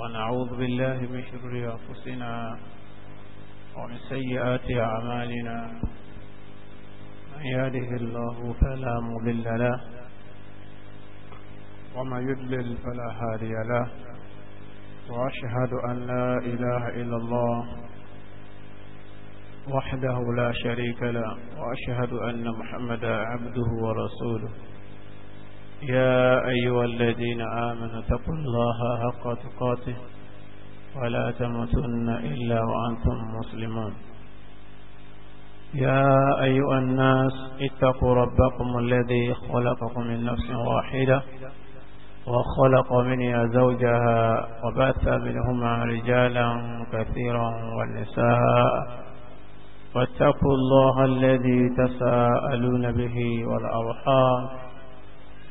ونعوذ بالله من شرور أنفسنا ومن سيئات أعمالنا من يهده الله فلا مضل له وما يدلل فلا هادي له وأشهد أن لا إله إلا الله وحده لا شريك له وأشهد أن محمدا عبده ورسوله يا أيها الذين آمنوا اتقوا الله حق تقاته ولا تموتن إلا وأنتم مسلمون يا أيها الناس اتقوا ربكم الذي خلقكم من نفس واحدة وخلق منها زوجها وبث منهما رجالا كثيرا والنساء واتقوا الله الذي تساءلون به والأرحام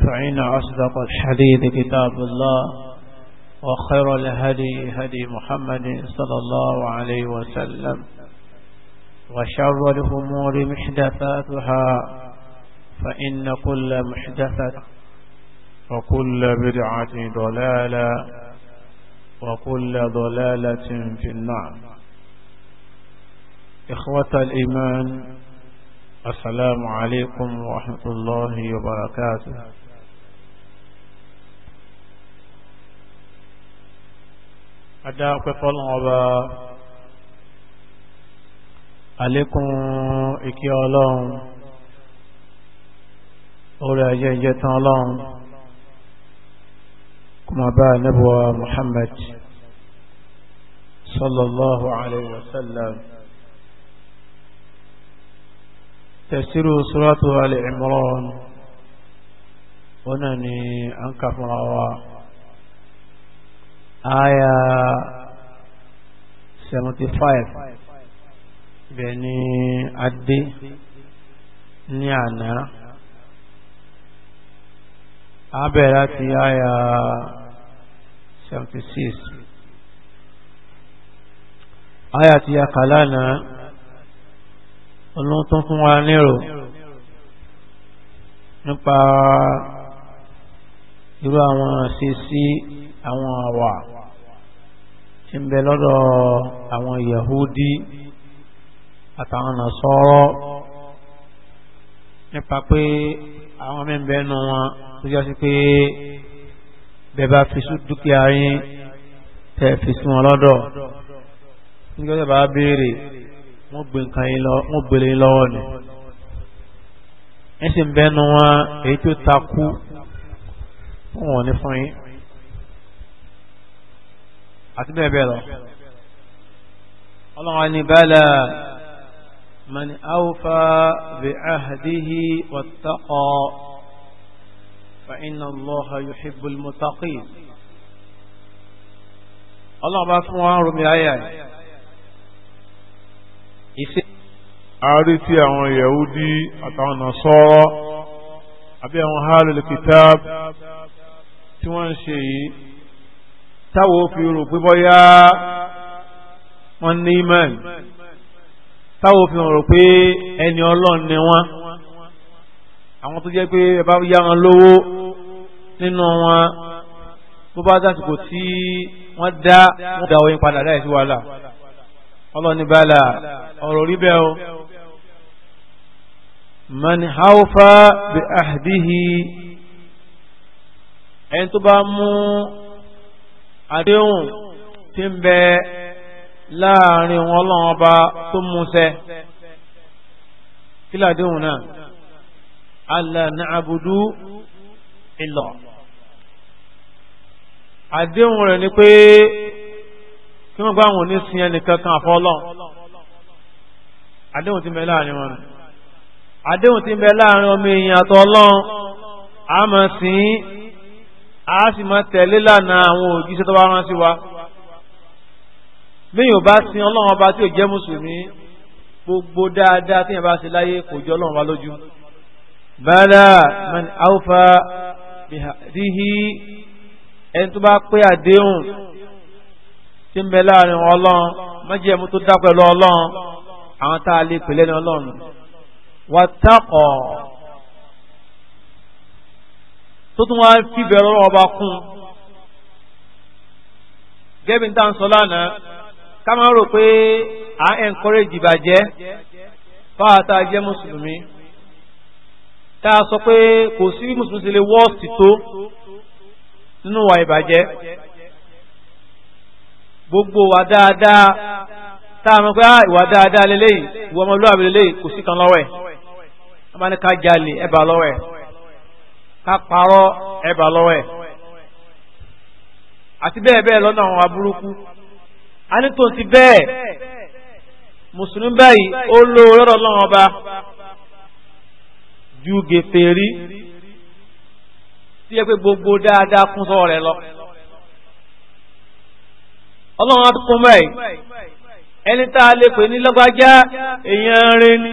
فإن أصدق الحديث كتاب الله وخير الهدي هدي محمد صلى الله عليه وسلم وشر الأمور محدثاتها فإن كل محدثة وكل بدعة ضلالة وكل ضلالة في النار إخوة الإيمان السلام عليكم ورحمة الله وبركاته adá ọpẹ́ fọ́lọ́n ọba àlékún ìkẹ́ ọlọ́run orí ayé ìjẹ tán ọlọ́run kuma bá nẹ́bùwa Muhammad sallallahu alaihi wasallam tẹ̀sírù suratu Ali Imran wọ́n ni an kàfin rawa aya 75 bẹ́ẹ̀ ni adé ní àná abẹ́ láti aya 76 aya ti akàlánà olóòtún fún wa nírò nípa irú àwọn ṣe sí àwọn àwà tí ń bẹ lọ́dọ̀ àwọn Yahudi àtàwọn Nasara nípa pé àwọn mẹ́bẹ̀ nù wọn tó jọ sí pé bẹ̀bá fi dúkìá yín tẹ̀ fi sí wọn lọ́dọ̀ nígbà tí bàbá béèrè wọ́n gbé nǹkan yín lọ wọ́n gbélé lọ́wọ́ ni ẹ̀sìn bẹ́nu wọn èyí tó takú fún wọn ní fún yín àti bẹ́ẹ̀ bẹ́ẹ̀ lọ ọlọ́run ni bala man awfa bi ahdihi wattaqa fa inna allaha yuhibbul muttaqin ọlọ́run bá fún wọn rúmi ayà ìṣe àárí tí àwọn yahudi àtàwọn nasọ́rọ́ àbí àwọn hálùlù kìtàb tí wọ́n ń ṣe yìí táwo fi rò pé bọ́yá wọ́n ní imán táwo fi rò pé ẹni ọlọ́run ni wọ́n àwọn tó jẹ́ pé ẹ bá yá wọn lówó nínú wọn tó bá dásìkò tí wọ́n dá wọ́n dá oyin padà láì sí wàhálà ọlọ́ni bàálà ọ̀rọ̀ rí bẹ́ẹ̀ o man haufa bi ahdihi ẹni tó bá mú àdéhùn tí ń bẹ láàrin wọn lọ́wọ́ bá tó múṣẹ kí làdéhùn náà alla na'budu illa àdéhùn rẹ̀ ni pé kí wọ́n gbá àwọn onísìn ẹnìkan kan àfọlọ́ àdéhùn tí ń bẹ láàrin wọn àdéhùn tí ń bẹ láàrin ọmọ èèyàn àtọ́ ọlọ́run àmọ́ sí a sì máa tẹ̀lé lánàá àwọn òjíṣẹ́ tó bá rán sí wa bíyàn bá sin ọlọ́run ọba tí ò jẹ́ mùsùlùmí gbogbo dáadáa tíyàn bá ṣe láyé kò jọ ọlọ́run wa lójú bala man awfa bihadihi ẹni tó bá pé àdéhùn tí ń bẹ láàrin ọlọ́run májẹ̀mú tó dá pẹ̀lú ọlọ́run àwọn tá a lè pè lẹ́nu ọlọ́run wàtàkọ̀ọ́ tó tún wá fíbẹ̀rẹ̀ ọlọ́run ọba kún gẹ́bí tá à ń sọ lánàá ká máa rò pé à ń encourage ìbàjẹ́ fáwọn tá a jẹ́ mùsùlùmí tá a sọ pé kò sí bí mùsùlùmí ṣe lè wọ́ọ̀sì tó nínú wa ìbàjẹ́ gbogbo wa dáadáa tá a mọ̀ pé ah, ìwà dáadáa lélẹ́yìn ìwà ọmọlúwàbí lélẹ́yìn kò sí kan lọ́wọ́ ẹ̀ wọ́n bá ẹ̀ bá lọ́wọ́ ẹ̀ ká parọ́ ẹ̀bà lọ́wọ́ ẹ̀ àti bẹ́ẹ̀ bẹ́ẹ̀ lọ́nà àwọn aburúkú a ní tó ti bẹ́ẹ̀ mùsùlùmí báyìí ó lo lọ́rọ̀ lọ́wọ́ ọba ju gèfèrí tí yẹ pé gbogbo dáadáa kún sọ́ọ̀ rẹ̀ lọ ọlọ́run á tún kún báyìí ẹni tá a lè pè ní lọ́gbàjá èèyàn rẹ̀ ni.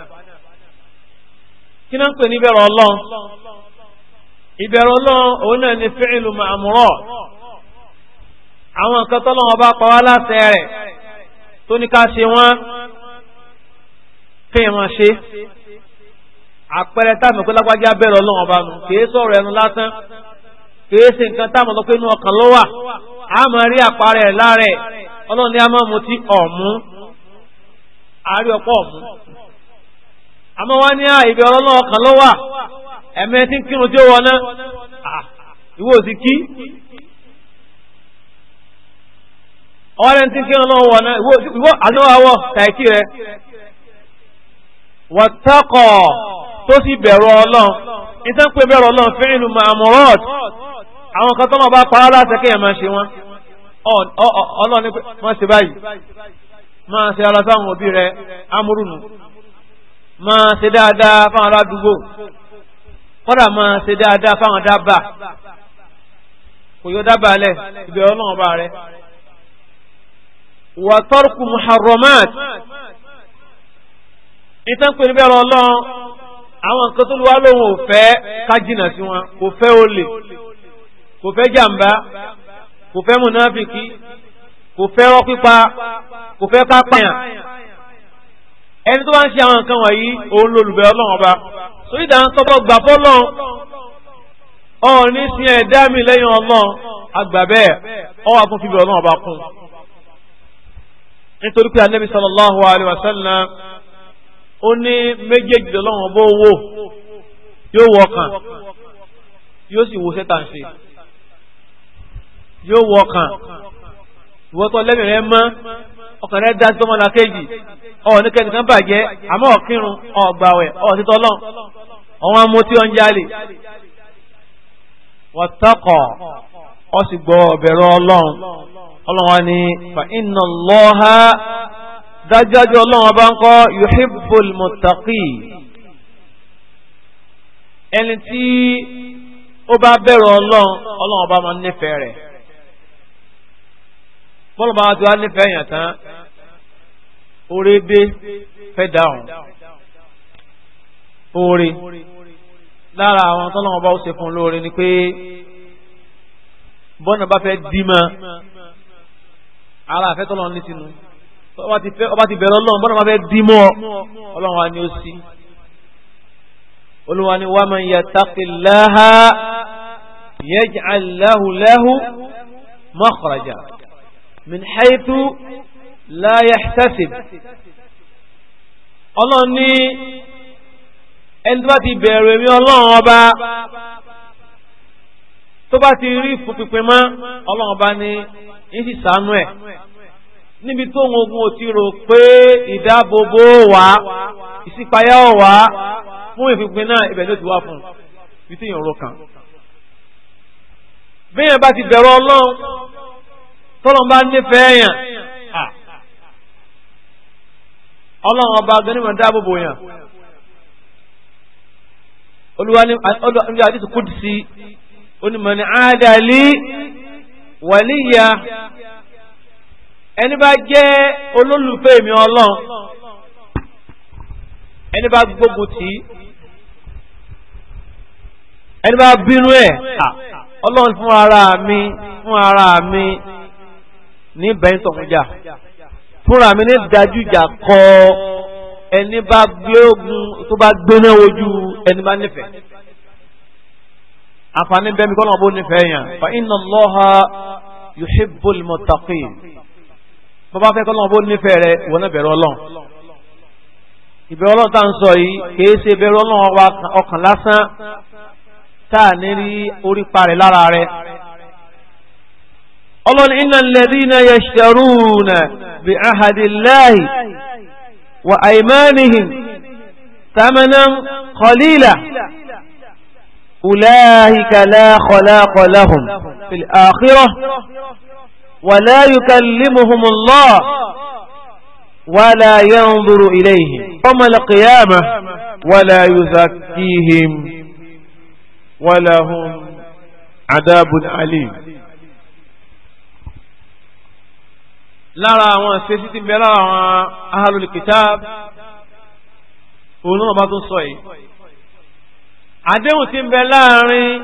kí náà ń pè ní ìbẹ̀rù ọlọ́run ìbẹ̀rù ọlọ́run òun náà ni fíìlù màmúrọ̀ àwọn nǹkan tọ́lọ́wọ́n bá pa wá láṣẹ rẹ̀ tó ní ká ṣe wọ́n ṣe àpẹẹrẹ táàmì pé ọba nù kì í sọ̀rọ̀ ẹnu lásán kì í ṣe nǹkan táàmì lọ inú ọkàn wà á rí láàrẹ̀ ọlọ́run a máa mutí ọ̀mú àmọ́ wá ní ibi ọkàn ló wà ẹ̀mẹ́ tí ń kírun tí ó náà wọná ìwọ àdúràwọ̀ tàìkì rẹ̀ wàtàkọ̀ tó sì bẹ̀rù ọlọ́run nítorí àwọn kan tó bá ṣe wọn máa ṣe báyìí máa ṣe òbí máa ṣe dáadáa fáwọn aládùúgbò kọ́dà máa ṣe dáadáa fáwọn dábà kò yọ dábà lẹ̀ ìbẹ̀rẹ̀ ọlọ́run ọba rẹ̀ wà tọ́rkù muharramat ìtàn pé níbẹ̀rẹ̀ ọlọ́run àwọn nǹkan tó wá lóhun ò fẹ́ kájìnà sí wọn kò fẹ́ olè kò fẹ́ jàǹbá kò fẹ́ mùnáfìkì kò fẹ́ rọ́ pípa kò fẹ́ kápáyàn ẹni tó bá ń ṣe àwọn nǹkan wọ̀nyí òun lolùbẹ̀ ọlọ́run ọba sórí ìdáhùn sọ́bọ̀ gbà fọ́lọ́ ọ̀ọ́ni sin ẹ̀dá mi lẹ́yìn ọlọ́run àgbà bẹ́ẹ̀ ọwọ́ àkún fífi ọlọ́run ọba kún nítorí pé anabi sallallahu alayhi wa sallam ó ní méjèèjì lọ́wọ́ bó wò yóò wọ ọkàn yóò sì wo sẹ́tàn yóò wọ ọkàn ìwọ́tọ̀ lẹ́mìí rẹ mọ́ ọkàn rẹ dá ọ̀ ní kẹ́kẹ́ bàjẹ́ àmọ́ ọ̀kírun ọ̀gbàwẹ̀ ọ̀títọ́ lọ́n ọ̀wọ́n mú tí ó ń jálè wọ́tọ́kọ̀ ọ sì gbọ́ ọ̀bẹ̀rọ ọlọ́run ọlọ́run ni fa inna Allaha dájájú ọlọ́run bá ń kọ́ yuhibbul muttaqi ẹni tí ó bá bẹ̀rù ọlọ́run ọlọ́run bá máa nífẹ̀ẹ́ rẹ̀ wá nífẹ̀ẹ́ yàn tán oore dé fẹ́ dáhùn oore lára àwọn tọ́lọ́wọ́n bá ó ṣe fún lóore ni pé bọ́nà bá fẹ́ dímọ̀ ara àfẹ́ tọ́lọ́wọ́n ní tinú ọba ti bẹ̀rẹ̀ ọlọ́run bọ́nà bá fẹ́ dímọ̀ ọlọ́run wa ni ó sí olúwa ni wa man yattaqillaha yaj'al lahu lahu makhraja min haythu la yahtasib ọlọ́run ní ẹni tó bá ti bẹ̀rù èmi ọlọ́run ọba tó bá ti rí ìfúnpinpin mọ́ ọlọ́run ọba ní yín sì sànú ẹ̀ níbi tó ń ogun òtí rò pé ìdáàbòbò wà ìṣípayá wà fún ìfúnpin náà ibẹ̀ ló ti wá fún un fi tí yàn kàn bí yàn bá ti bẹ̀rù ọlọ́run tọ́lọ́n nífẹ̀ẹ́ yàn ọlọ́run ọba gẹ́nìmọ̀ dáàbò bò yàn olúwa ní ọdún àdìsí kùdìsí onímọ̀ ní àádàlí wàlíyà ẹni bá jẹ́ olólùfẹ́ mi ọlọ́run ẹni bá gbógun tì í ẹni bá bínú ẹ̀ ọlọ́run fún ara mi fún ara mi ní bẹ́ńtọ̀ fúnjà fúnra mi ní dájújà kọ ẹni bá gbé ogun tó bá gbéná ojú ẹni bá nífẹ̀ẹ́ àǹfààní bẹ́ẹ̀ mi kọ́ lọ́wọ́ bó nífẹ̀ẹ́ yàn fa inna Allaha yuhibbul muttaqin bàbá fẹ́ kọ́ lọ́wọ́ bó nífẹ̀ẹ́ rẹ wọn náà bẹ̀rẹ̀ ọlọ́run ìbẹ̀rẹ̀ ọlọ́run tá à ń sọ yìí kìí ṣe bẹ̀rẹ̀ ọlọ́run ọkàn lásán tá à ní rí orí parẹ̀ lára rẹ̀. Allah inna alladhina yashtaruna bi ahadillahi wa aymanihim thamanan qalila ulaika la khalaqa lahum fil akhirah wa la yukallimuhum Allah wa la yanzuru ilayhim yawma al-qiyamah wa la yuzakkihim wa lahum adabun alim lára àwọn àṣẹ́sí ti bẹ lára àwọn ahlul kitab òun náà bá tó sọ yìí àdéhùn ti bẹ láàrin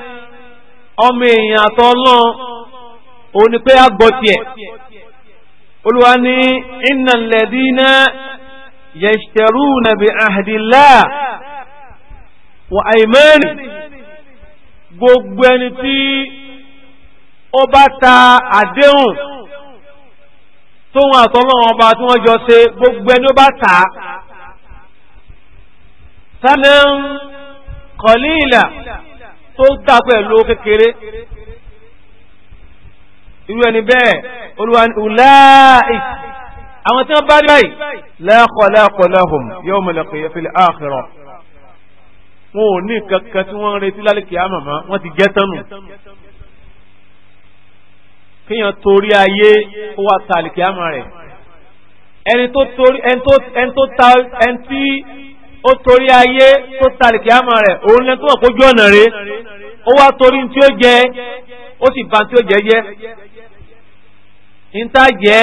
ọmọ èèyàn àtọ́lọ́n òun ni pé olúwa ní innal ladina yashtaruna bi ahdillah wa aymani gbogbo ẹni tí ó bá ta àdéhùn tóun àtọ́lọ́wọ́n ọba tí wọ́n jọ ṣe gbogbo ẹni ó bá tà á sálẹ̀ ń kọ̀lí ìlà tó tà pẹ̀lú kékeré irú ẹni bẹ́ẹ̀ olúwa ní ùláì àwọn tí wọ́n bá rí báyìí lẹ́kọ̀ọ́lẹ́kọ̀ọ́lẹ́hùn yóò mọ̀lẹ́kọ̀ yẹ fẹ́lẹ́ ààfẹ́rọ̀ wọn ò ní kankan tí wọ́n ń retí lálẹ́ kìá màmá wọ́n ti jẹ́ tánu kíyàn torí ayé kó wá ta àlìkíyàmà rẹ̀ ẹni tó torí ẹni tó ta ẹni tí ó torí ayé tó ta àlìkíyàmà rẹ̀ òun lẹ́nu tó wà kójú ọ̀nà rẹ̀ ó wá torí tí ó jẹ ó sì bà tí ó jẹ jẹ́ níta jẹ́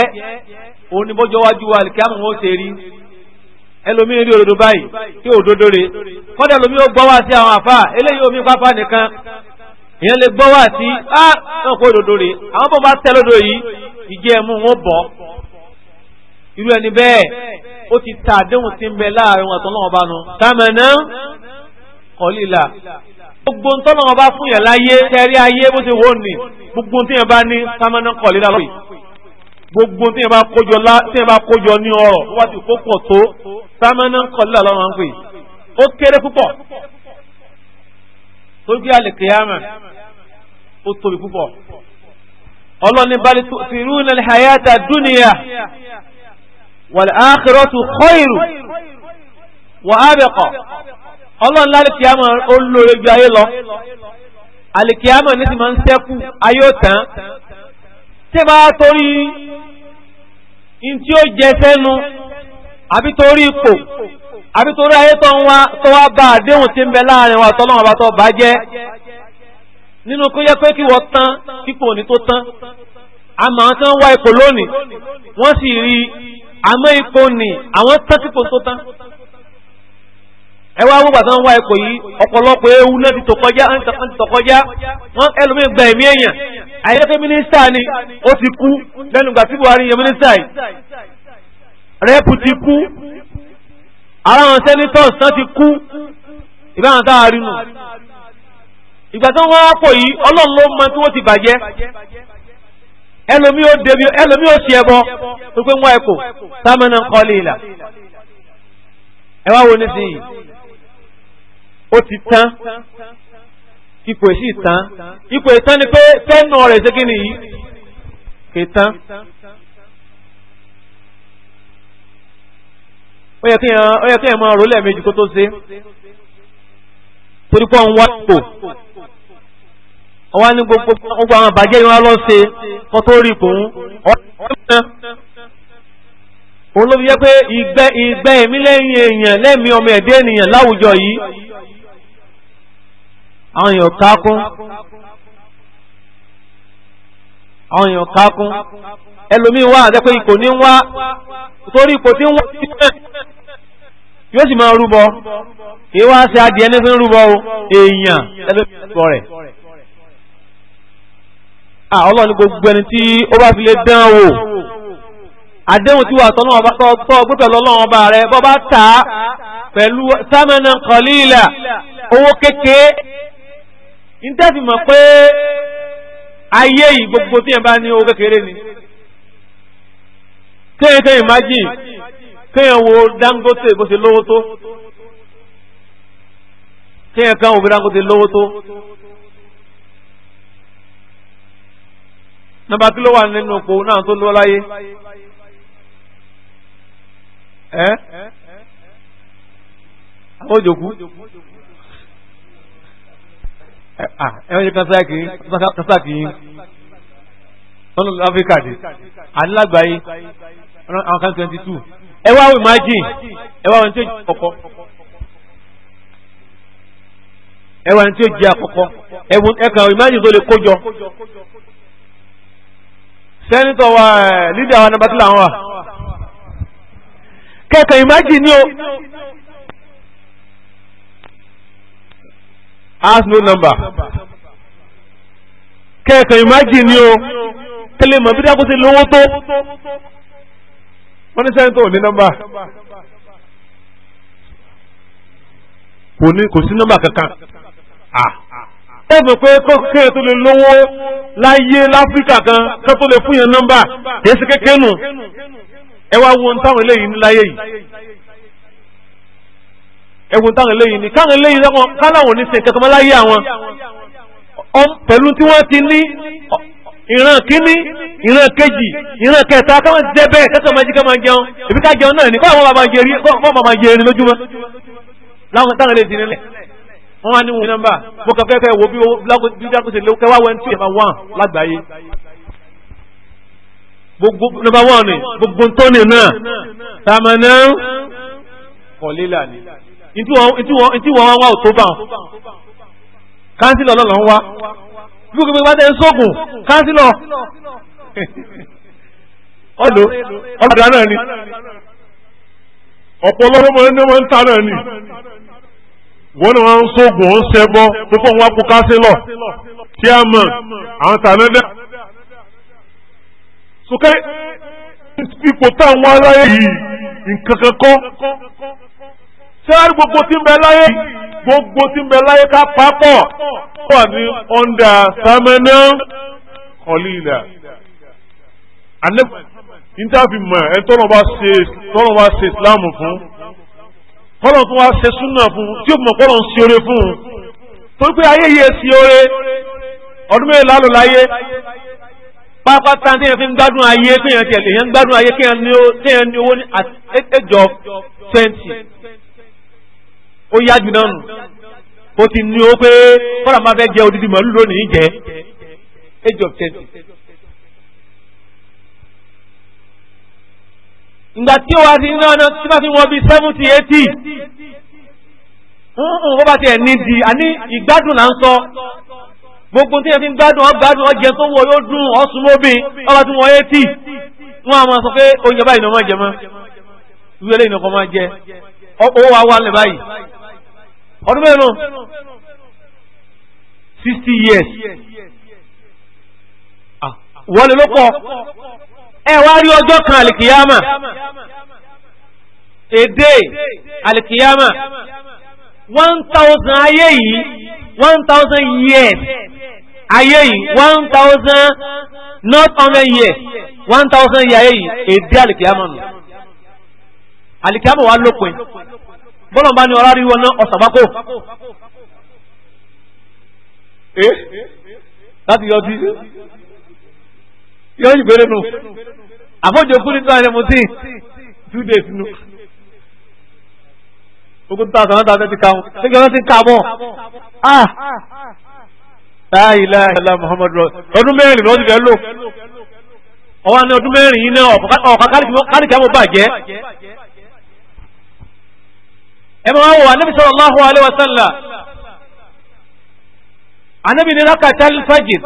òun ni bọ́jọ́ wájú wa àlìkíyàmà wọn ó ṣe rí ẹlòmíì rí òdodo báyìí tí òdodo rẹ̀ kọ́dà ẹlòmíì ó gbọ́ wá sí àwọn àfáà eléyìí omi pápá nìkan èèyàn lè gbọ́ wá sí á ah, náà kó òdodo rè àwọn bọ́ bá tẹ́ lódò yìí ìjẹ́ ẹ̀mú wọn bọ̀ irú ẹni bẹ́ẹ̀ ó ti ta àdéhùn tí ń bẹ láàrin wọn àtọ́lọ́wọ́n bá nu tàmẹ̀nà kọ́lílà gbogbo ń tọ́lọ́wọ́n bá fún yàn láyé tẹ́rí ayé bó ti wò ní gbogbo tí yàn bá ní tàmẹ̀nà kọ́lílà lóye gbogbo tí yàn bá kójọ lá tí yàn bá kójọ ní ọrọ̀ wọ́n ti kó pọ̀ tó tàmẹ̀nà kọ́lílà lọ́wọ́n ń pè ó kéré púpọ̀ torí pé àlìkìyàmà ó tóbi púpọ̀ ọlọ́ni bá lè fi irú ní àyàtà dúnìyà wal akhiratu khairu wa abqa ọlọ́ni lálìkìyàmà ó lóore ju ayé lọ àlìkìyàmà ní ti máa ń sẹ́kù ayé ó tán tí bá torí in tí ó jẹ sẹ́nu àbí torí ipò àbí torí ayé tó ń wá tó wá bá àdéhùn tí ń bẹ láàrin wa tọ́lọ́wọ́ bá tó bá jẹ́ nínú kó yẹ pé kí wọ́n tán kíkò ní tó tán àmọ́ àwọn tí wọ́n wá ipò lónìí wọ́n sì rí àmọ́ ipò nì àwọn tán kíkò tó tán ẹ wá wọ́n gbàtà wá ipò yìí ọ̀pọ̀lọpọ̀ ewu náà ti tò kọjá ń tò kọjá wọ́n ẹlòmíì gba ẹ̀mí èèyàn àyẹ̀kẹ́ mínísítà ni ó ti kú lẹ́nu gbà tí Buhari yẹ mínísítà yìí rẹ́pù ti kú ara àwọn senators tán ti kú ìbá àwọn táwa rí nù ìgbà tí wọ́n wá pò yìí ọlọ́run ló mọ tí wọ́n ti bàjẹ́ ẹlòmí ó débi ẹlòmí ó sì ẹbọ tó pé wọ́n ẹ̀kọ́ sámẹ́nà ń kọ́lé ìlà ẹ wá wo nísìnyí ó ti tán ipò èsì tán ipò ìtàn ni pé tẹ́nu rẹ̀ ṣe kí ni yìí kì í tán. ó yẹ kí ẹ máa rò lẹ́ẹ̀mejì kó tó ṣe torí pọ́ ń wá pò ọwá ní gbogbo àwọn àbájẹ́ yìí lọ ṣe kó tó rí kò ń òun ló fi jẹ́ pé ìgbẹ́ ìgbẹ́ ẹ̀mí lẹ́yìn èèyàn lẹ́mí ọmọ ẹ̀dẹ́ ènìyàn láwùjọ yìí àwọn èèyàn kákún àwọn èèyàn kákún ẹlòmíín àti pé ipò ní wá torí ipò yóò sì máa rúbọ kìí wá sí adìẹ ní fún rúbọ o èèyàn lẹ́lọ́pọ̀ rẹ̀ ọlọ́run ní gbogbo ẹni tí ó bá fi lè dán wò àdéhùn tí wà tọ́nà ọba tọ́ gbé ọba rẹ bọ́ bá tà á pẹ̀lú sámẹ́nà kọ̀lílà owó kékeré nítẹ́fì mọ̀ pé gbogbo tí ni kéèyàn wo Dangote bó ṣe lówó tó kéèyàn kan wo bí Dangote lówó tó. nàbà kí ló wà nínú ipò náà tó lówó láyé ẹ àwọn òjòkú ẹ ẹ wọ́n ṣe kásáàkì kásáàkì wọ́n lọ Áfíríkà dé àdínlágbàáyé one hundred and twenty two ẹ wò imagine ẹ wá wọn tí ó jẹ àkọ́kọ́ ẹ wá wọn tí ó jẹ àkọ́kọ́ ẹ kàn imagine tó lè kójọ sẹ́nitọ̀ wa lídà wa nàbàtí làwọn wà kẹ́kàn imagine ni o ask no number kẹ́kàn imagine ni o kẹlẹ́ mọ̀ bí dákúnṣe lówó tó wọ́n ní sẹ́yìn tó ní nọ́mbà kò ní kò sí nọ́mbà kankan ó sọ pé kókè tó lè lówó láyé láfíríkà kan ká tó lè fún yẹn nọ́mbà kìí ṣe kékeré nù ẹ wá wo táwọn eléyìí ní láyé yìí ẹ wo táwọn eléyìí ní káwọn eléyìí káláwọn oníṣe kankan láyé àwọn pẹ̀lú tí wọ́n ti ní ìran kínní ìran kejì ìran kẹta káwọn jẹ bẹ́ẹ̀ kẹsàn máa jí ká máa jẹun èmi ká jẹun náà ní kọ́ àwọn bàbá jẹ rí kọ́ bàbá jẹ rí lójúmọ́ láwọn táwọn lè dín nílẹ̀ wọ́n wá ní wọn nọ́mbà mo kàn fẹ́ fẹ́ wo bí bí dákun ṣe léwu kẹwàá wẹ́n tí ẹ̀ máa wọ́n lágbàáyé gbogbo nọ́mbà wọ́n ni gbogbo tó ní náà tàmánà kọ̀lélà ni ìtí wọ́n wá ò tó bá kánsílọ̀ lọ́lọ́ wá gbogbo gbogbo bá tẹ̀ ń sógun kánsílọ̀ ọ̀dọ̀ ọ̀dà náà ni ọ̀pọ̀lọpọ̀ ọmọ ẹni wọn ń ta náà ni wọn ni wọn ń sógun ń ṣẹbọ púpọ̀ wọn kú kásílọ tí a mọ àwọn tàná dẹ. sókè ipò táwọn aráyé yìí nǹkan kan kọ́ sẹ́wárí gbogbo tí ń bẹ láyé gbogbo tí ń bẹ láyé ká papọ̀ wà ní ọ̀ndà sàmẹ́nà kọ́lí ìlà níta-fi mọ̀ ẹ tọ́nà bá ṣe tọ́nà bá ṣe ìsìláàmù fún tọ́nà tó wá ṣe súnà fún tí ó mọ̀ kọ́nà ń ṣe oore fún un torí pé ayé yìí ṣe oore ọdún mẹ́rin lálọ́ láyé pápátá tí yẹn fi ń gbádùn ayé tí yẹn tiẹ̀ lèyàn ń gbádùn ayé tí yẹn ní owó ní àtẹ́jọ twenty ó yá jù náà nù ó ti ní o pé kọ́nà máa fẹ́ jẹ odidi màálù lónìí jẹ age of twenty. ìgbà tí ó wá sí iná ọ̀nà tí bá fi wọ́n bí seventy eighty ó bá tiẹ̀ nídìí àní ìgbádùn là ń sọ gbogbo tí yẹn fi ń gbádùn ọgbádùn ọjẹ tó wọ yóò dùn ọsùn mọ́bìn ọba tí wọ́n eighty wọ́n á máa sọ pé oúnjẹ báyìí ni wọ́n máa jẹ mọ́ ìwé lẹ́yìn ọkọ̀ máa jẹ owó wa wà lẹ̀ báyìí ọdún mẹ́rin sixty years ah, wọ́n lè ló pọ̀. waa! Ọ bụ ọjọọ kan! Alikiama ede Alikiama $1000 ayịlị $1000 yie $1000 nọtọm yaịa $1000 yaịa ayịlị ede Alikiama ma Alikiama ọ wa lọkwa e, ni ọ raara ịwọ n'ọsabako. Ee, datụ ya ọtị. yóò yìí gbére nù àfọ̀jọ kú ní two hundred seventeen two days nù ogun tó àtàwọn tàbí ti kàwọn ṣéjọ náà ti kà mọ́ ah láìlá ìlà muhammad rọ ọdún mẹ́rin lọ́dún bẹ́ẹ̀ lò ọwọ́ ní ọdún mẹ́rin yìí náà ọ̀kà kárìkì àwọn bàjẹ́ ẹ máa wọ anabi sallallahu alaihi wasallam anabi ní rákàtà fajr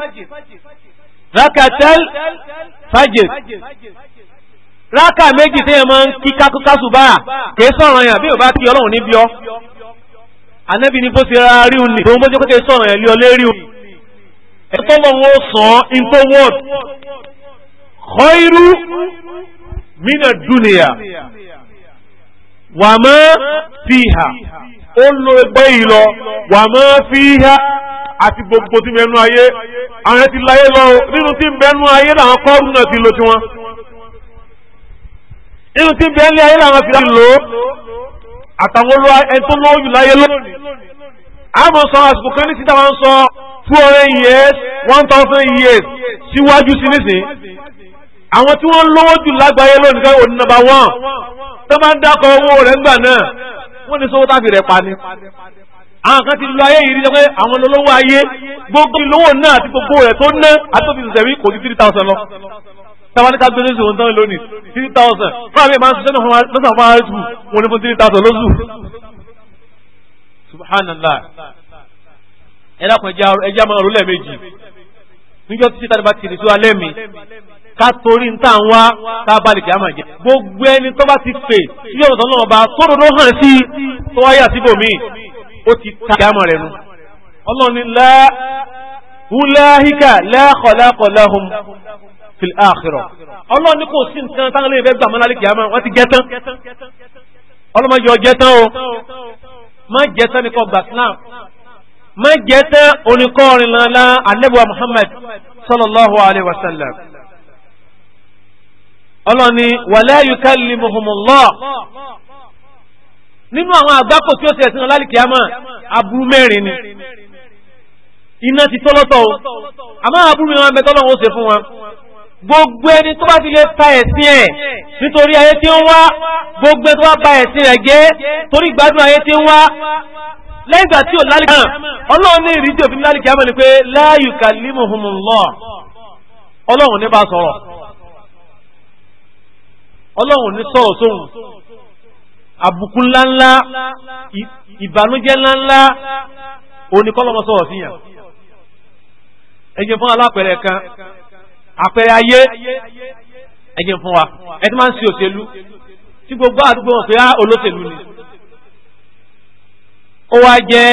rákàtẹ́l fàjẹ̀ rákà méjì tẹ́yẹ máa ń kí kásùbá kìí sọ̀rọ̀ yàn bí ò bá kí ọlọ́run níbi ọ anẹ́bí ni bó ti ra rí un nì tó ń bójú kékeré sọ̀rọ̀ yàn lé ọ lérí un ẹ̀ tó lọ́wọ́ sàn án into word khairu mina dunia wàmọ́ fiha ó lo ẹgbẹ́ yìí lọ wà máa fi há àti gbogbo tí mẹ́nu ayé àwọn ti láyé lọ nínú tí mẹ́nu ayé làwọn kọ́ọ̀rù náà ti lo tiwọn nínú tí mẹ́nu ayé làwọn ti lò àtàwọn olú ẹni tó lọ́wọ́ jù láyé lónìí àmọ́ sọ àsìkò kan ní títà wọn sọ two hundred years one thousand years síwájú sí nísìn àwọn tí wọ́n lọ́wọ́ jù lágbàáyé lónìí ká òní number one tó máa ń dákọ̀ owó rẹ̀ ńgbà náà wọ́n ní sọ́wọ́ táfi rẹ̀ pa ni. àwọn kan ti lu ayé yìí rí sọ pé àwọn olówó ayé gbogbo ìlówó náà àti gbogbo rẹ̀ tó ná àtòbí sẹ̀rí kò ju three thousand lọ. táwọn ní ká gbé lóṣù tán lónìí three thousand fún àbí màá ṣiṣẹ́ náà lọ́sàn fún àárẹ̀ sùn wọn ní fún three thousand lóṣù. subhanallah ẹ dákun ẹja máa rò lẹ́ẹ̀mejì níjọ́ tí títà ká torí ń tà ń wá tá a bá lè kíámà jẹ gbogbo ẹni tó bá ti pè sí ọ̀nà tọ́lọ́ ọba sódodo hàn sí tó wáyà síbòmíì ó ti ta kíámà rẹ̀ nu. ọlọ́run ni la wúláhíkà la khalaqa lahum fil akhirah ọlọ́run ni kò sí nǹkan táwọn lè fẹ́ gbà mọ́lá lè kíámà wọ́n ti jẹ́ ọlọ́run yọ jẹ́ o má jẹ́ ni kò gbà Islam má jẹ́ tán oníkọ́rin anabiwa Muhammad sallallahu alayhi wa sallam ọlọ́ni wala yukallimuhumullah nínú àwọn àgbákò tí ó ṣe ẹ̀sìn ọlálìkì àmọ́ aburú mẹ́rin ni iná ti tọ́lọ́tọ̀ o àmọ́ aburú mi wọn bẹ tọ́lọ́ wọn ó ṣe fún wọn gbogbo ẹni tó bá ti lè ta ẹ̀sìn ẹ̀ nítorí ayé tí ń wá gbogbo ẹni tó bá ba ẹ̀sìn rẹ̀ jẹ́ torí ìgbádùn ayé tí ń wá lẹ́yìn tí ò lálìkì àmọ́ ọlọ́run ní ìrídìí òfin lálìkì àmọ́ ni pé la yukallimuhumullah ọlọ́run ní bá sọ̀rọ̀ ọlọ́run ní sọ̀rọ̀ sóhun àbùkù ńláńlá ìbànújẹ́ ńláńlá oníkọ́lọ́mọ sọ̀rọ̀ síyàn ẹjẹ́ fún alápẹ̀rẹ̀ kan àpẹẹrẹ ayé ẹjẹ́ fún wa ẹni máa ń ṣe òṣèlú tí gbogbo àdúgbò wọn pé á ah, olóṣèlú ni ó wá jẹ́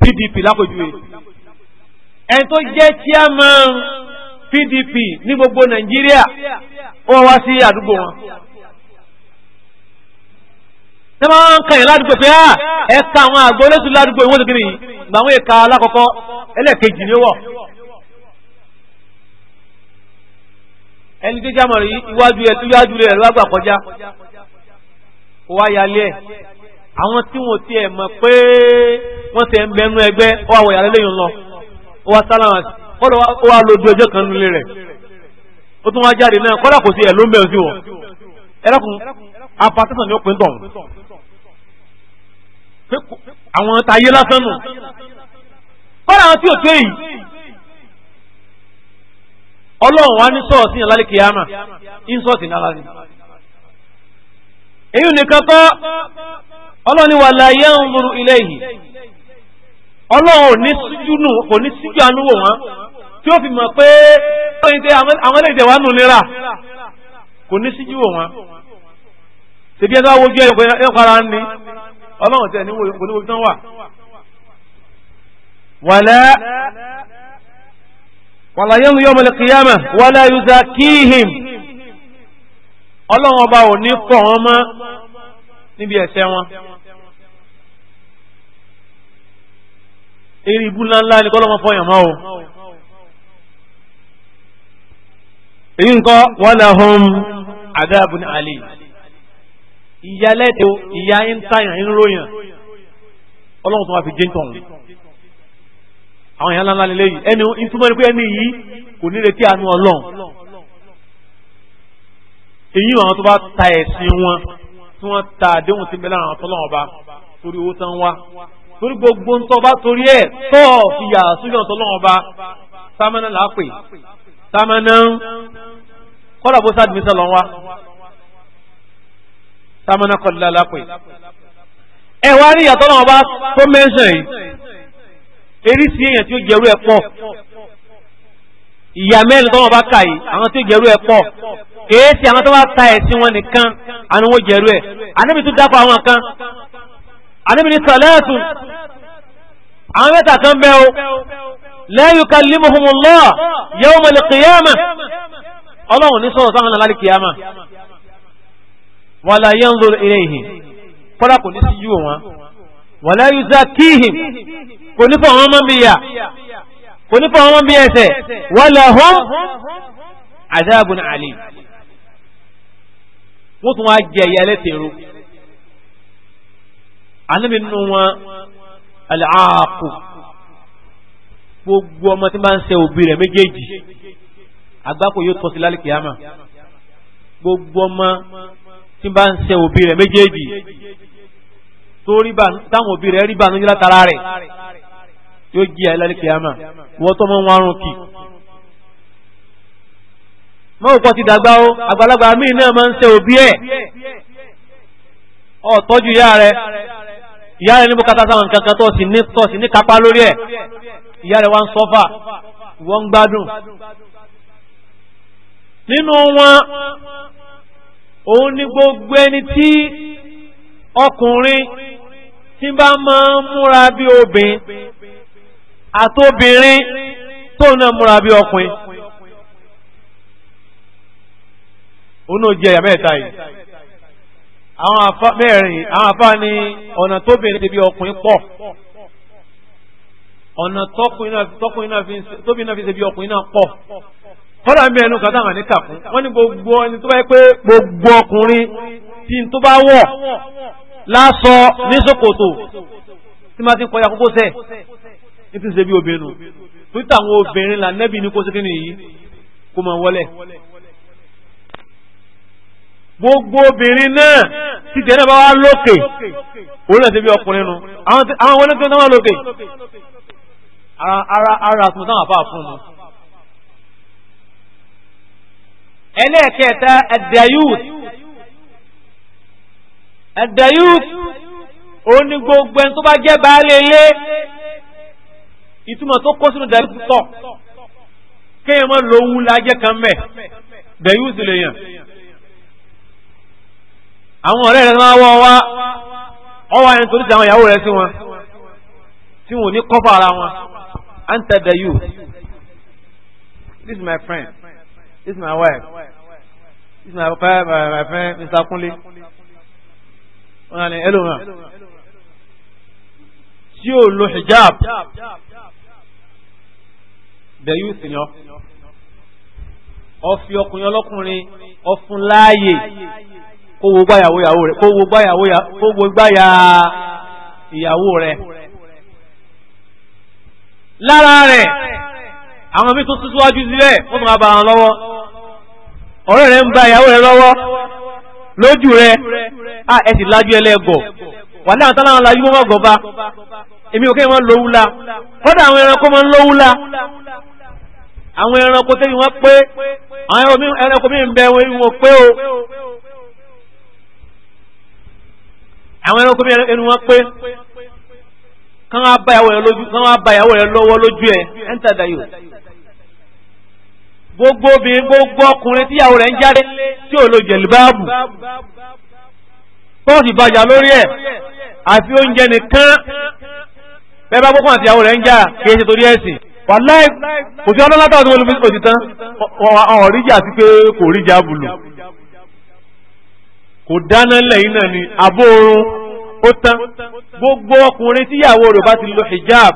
PDP lápòjúwe ẹni tó jẹ́ chairman PDP ní gbogbo Nàìjíríà wọ́n wá sí àdúgbò wọn ní máa ń kàyìn ládùúgbò pé ah, ẹ̀ka àwọn àgbò olóṣù ládùúgbò ìwọ́n ìgbìnrin yìí gbà àwọn ẹ̀ka alákọ̀ọ́kọ́ ẹlẹ́ẹ̀kejì ni ó wọ̀ ẹni tó jámọ̀ rí iwájú ẹ̀ tó yájú rẹ̀ lágbà kọjá ó wá yálé ẹ̀ àwọn tí wọn ti ẹ̀ mọ̀ pé wọ́n ti ẹ̀ ń bẹnu ẹgbẹ́ ó wà wọ̀ yálé lẹ́yìn lọ ó wá sálàmà sí kọ́dọ̀ wá lójú ọjọ́ kan nílé rẹ̀ ó tún wá jáde náà kọ́dà kò sí ẹ̀ ló sí wọn ẹlẹ́kùn apatẹ́sàn ni ó pin tọ̀hún àwọn tayé lásán nù kọ́dà àwọn tí ò tó yìí ọlọ́run wa ní sọ́ọ̀sì yẹn lálẹ́ kìyàmà ní sọ́ọ̀sì náà lálẹ́ èyí nìkan ọlọ́run ni wà láyé ń rú ilé yìí ọlọ́run ò ní síjú àánú tí ó fi mọ̀ pé ọ̀yìn tẹ àwọn ẹlẹ́dẹ̀ wa nù nira kò ní síjú wọn ṣèbí ẹni wá wojú ẹ̀yọ́ ń ní ọlọ́run tẹ̀ ní kò ní tán wà. wàlẹ́ wàlàyé ń yọmọ lẹ́kìyàmà wàlẹ́ kíhìm ọlọ́run ọba ò ní wọn mọ́ níbi wọn. ni kọ́lọ́mọ fọyàn èyí nǹkan wọ́n lè hun àdáàbùn àlè ìyá lẹ́tọ̀ ìyá ń tàyàn ń ròyàn ọlọ́run tó wá fi jẹ́ntọ̀ ọ̀hún àwọn èèyàn ńláńlá lélẹ́yìí ẹni ìtumọ̀ ni pé ẹni yìí kò ní retí àánú ọlọ́run èyí àwọn tó bá ta ẹ̀sìn wọn tí wọ́n ta àdéhùn sí mẹ́lá àwọn tọ́lọ́wọ́n ọba torí owó tán wá torí gbogbo ń tọ́ bá torí ẹ̀ tọ́ fìyà sójú àwọn ọba sámẹ́nà làápè samana kọ́lá bó sáà dùmísà lọ́wọ́ samana kọ́lá lápẹ́ ẹ wá rí ìyàtọ̀ náà bá tó mẹ́sàn yìí eré sí èèyàn tí ó jẹ́rú ẹ̀ pọ̀ ìyá mẹ́rin tọ́wọ́n bá kà yìí àwọn tí ó jẹ́rú ẹ̀ pọ̀ kèé sí àwọn tó bá ta ẹ̀sìn wọn nìkan àwọn wọn jẹ́rú ẹ̀ anábì tún dákọ̀ àwọn kan anábì ní sọ̀lẹ́ẹ̀tù àwọn mẹ́ta kan bẹ́ o لا يكلمهم الله يوم القيامة. qiyamah ọlọ́run ní sọ̀rọ̀ sáwọn alálẹ́ kìyàmà wala yanzur ilayhim kọ́lá kò ní sí yíò wọn wala yuzakkihim kò ní fọ̀wọ́n mọ́ bí yà kò ní fọ̀wọ́n bí ẹsẹ̀ wala hum azabun alim wọ́n tún wá jẹ ẹ̀yà ẹlẹ́tẹ̀ẹ́rú anábìnú wọn al gbogbo ọmọ tí máa ń ṣe òbí rẹ̀ méjèèjì àgbákò yóò tọ́ sí lálẹ́ kìámà gbogbo ọmọ tí bá ń ṣe òbí rẹ̀ méjèèjì táwọn òbí rẹ̀ rí bànú yí látara rẹ̀ yóò jí àyè lálẹ́ kìámà wọ́n tọ́ mọ́ wọn arùn kì. mọ́wọ́ pọ̀ ti dàgbà o àgbàlagbà míì náà máa ń ṣe òbí ẹ̀ ó tọ́jú ìyá rẹ̀ ìyá rẹ̀ ní bó kátà sáwọn kankan tó sì ní kápá lórí ẹ̀ ìyá rẹ̀ wá ń sọ́fà ìwọ ń gbádùn nínú wọn òun ni gbogbo ẹni tí ọkùnrin tí bá máa ń múra bí obìnrin àtobìnrin tóun náà múra bí ọkùnrin òun náà jẹ ẹ̀yà mẹ́ta yìí àwọn àfa mẹ́rin àwọn àfa ni ọ̀nà tóbìnrin ti bí ọkùnrin pọ̀ ọ̀nà tọkùnrin náà fi ṣe bí ọkùnrin náà pọ̀ kọ́dà ń bẹ ẹnu kàtà àwọn àníkà fún wọ́n ní gbogbo ẹni tó bá yẹ pé gbogbo ọkùnrin tí n tó bá wọ̀ lásọ ní ṣòkòtò tí máa ti ń kọjá kókó sẹ̀ ní ti ṣe bí obìnrin torí táwọn obìnrin là nẹ́bí ní kó sí yìí kó máa wọlé gbogbo obìnrin náà tí tẹ̀ náà bá wá lókè òun náà ṣe bí ọkùnrin nu àwọn wọlé tó ń tán wá lókè ara ara tó náà fà fún un. ẹlẹ́ẹ̀kẹta ẹ̀dẹ̀yùt ẹ̀dẹ̀yùt ó ní gbogbo ẹni tó bá jẹ́ baálé ilé ìtumọ̀ tó kó sínú dẹ̀yùt tọ̀ kéèyàn mọ́ lòun lájẹ́ kan mẹ́ dẹ̀yùt lè yàn àwọn ọ̀rẹ́ rẹ̀ máa wọ́ wá ọwọ́ ẹni torí ti àwọn ìyàwó rẹ̀ sí wọn tí wọn ò ní kọ́fà ara wọn anta the youth this is my friend this is my wife this is my papa my, my friend Mr. Kunle Hello, ẹlò hàn tí ó lo hijab the youth yan ọfi ọkùnrin ọlọ́kùnrin ọfun láàyè kó wo gbá ìyàwó rẹ̀ kó wo gbá ìyàwó rẹ̀. lára rẹ̀ àwọn mi tó tún síwájú sílẹ̀ ó máa bá wọn lọ́wọ́ ọ̀rẹ́ rẹ̀ ń ba ìyàwó rẹ̀ lọ́wọ́ lójú rẹ̀ a ah, ẹ sì lájú ẹlẹ́gọ̀ wà ní àtàlà àwọn lajú mọ́ gọba èmi ò kẹ́ wọn lówú la kọ́dà àwọn ẹranko máa ń lówú la àwọn ẹranko pé àwọn ẹranko mi ń bẹ wọn pé o àwọn ẹranko mi ẹnu wọn pé kan wá ba yawo re lọ́wọ́ loju e ẹńtà dayo gbogbo bi gbogbo ọkùnrin tíyàwó rẹ ń jáde tí o lo jẹlibáàbù tọ́ọ̀sì bàjá lórí ẹ̀ àfi oúnjẹ nìkan fi bá gbogbo àti ìyàwó rẹ ń jà kì ṣe torí ẹ̀sìn wàláì kò sí ọlọ́lá tán sí pé kò bùlù kò dáná ni àbó ó tán gbogbo ọkùnrin tíyàwó rẹ̀ bá ti lo hijab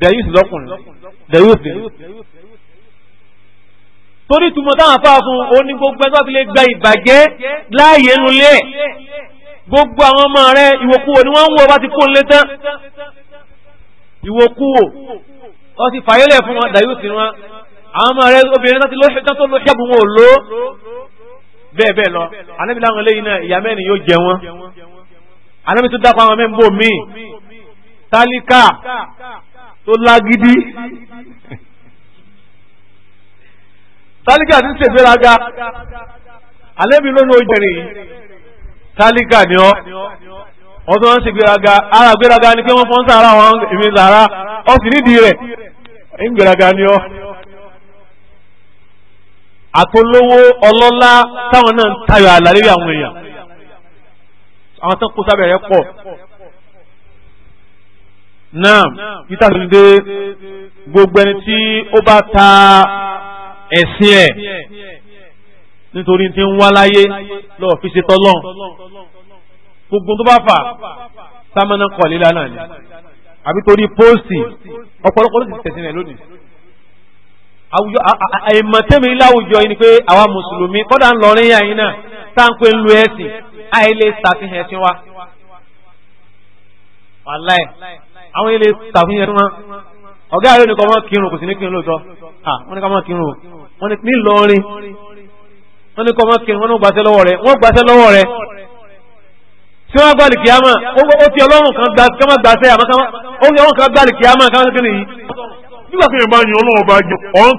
dẹ̀yùsì lọ́kùnrin dẹ̀yùsì torí túmọ̀ táwọn afá fún oní gbogbo ẹgbẹ́ ti lè gba ìbàjẹ́ láàyè nulẹ̀ gbogbo àwọn ọmọ rẹ̀ ìwòkúwò ni wọ́n ń wò bá ti kún lé tán ìwòkúwò wọ́n ti fàyẹ́lẹ̀ fún wọn dàyúsì wọn àwọn ọmọ rẹ̀ obìnrin náà ti lóṣù tán tó lóṣù ẹ̀bùn wọn ò lò bẹ́ẹ̀ bẹ́ẹ̀ lọ anábìláwọn eléyìí náà ìyá mẹ́rin yóò jẹ wọn ànábi tó dákọ̀ àwọn mẹ́mbò mi tálíkà tó lágídí tálíkà ti ń ṣègbéraga ànábi lónìí ojúrin yìí tálíkà ni ọ́ wọ́n tó ń ṣègbéraga ara gbéraga ni pé wọ́n fọ́n sára wọn èmi sàrà ọ sì nídìí rẹ̀ ń gbéraga ni ọ́ àtolówó ọlọ́lá táwọn náà ń tayọ àlàyé àwọn èèyàn àwọn tó kó sábẹ́ rẹ̀ pọ̀ náà peter sọ dé gbogbo ẹni tí ó bá ta ẹ̀sìn ẹ̀ nítorí tí ń wá láyé lọ́ọ̀ fi ṣe tọ́lọ́n gbogbo tó bá fà sámánà kọ̀ọ̀lẹ́ lánàá ni àbí torí póòsì ọ̀pọ̀lọpọ̀ ló ti tẹ̀sí rẹ̀ lónìí àwùjọ àìmọ̀tẹ́mi láwùjọ yìí ni pé àwa mùsùlùmí kọ́dà ń lọrin yà yín náà tá à ń pè ń lu ẹ̀sìn àìlè ṣàfihàn ẹ̀sìn wa wàláì àwọn ilé ṣàfihàn ẹ̀sìn wa ọ̀gá àrẹ nìkan máa kírun kò sí ní kírun lóòótọ́ wọ́n ní ká máa kírun wọ́n ní Ìlọrin wọ́n ní kọ́ máa kírun wọ́n ní gbàṣẹ́ lọ́wọ́ rẹ̀ wọ́n gbàṣẹ́ lọ́wọ́ rẹ̀ tí wọ́n gbàlì kìámà ó fi ọlọ́run kan gbàṣẹ́ àmọ́ ó fi ọlọ́run kan gbàlì kìámà káwọn kékeré yìí nígbà tí ìbá yan ọlọ́run ọba jẹ ọ̀n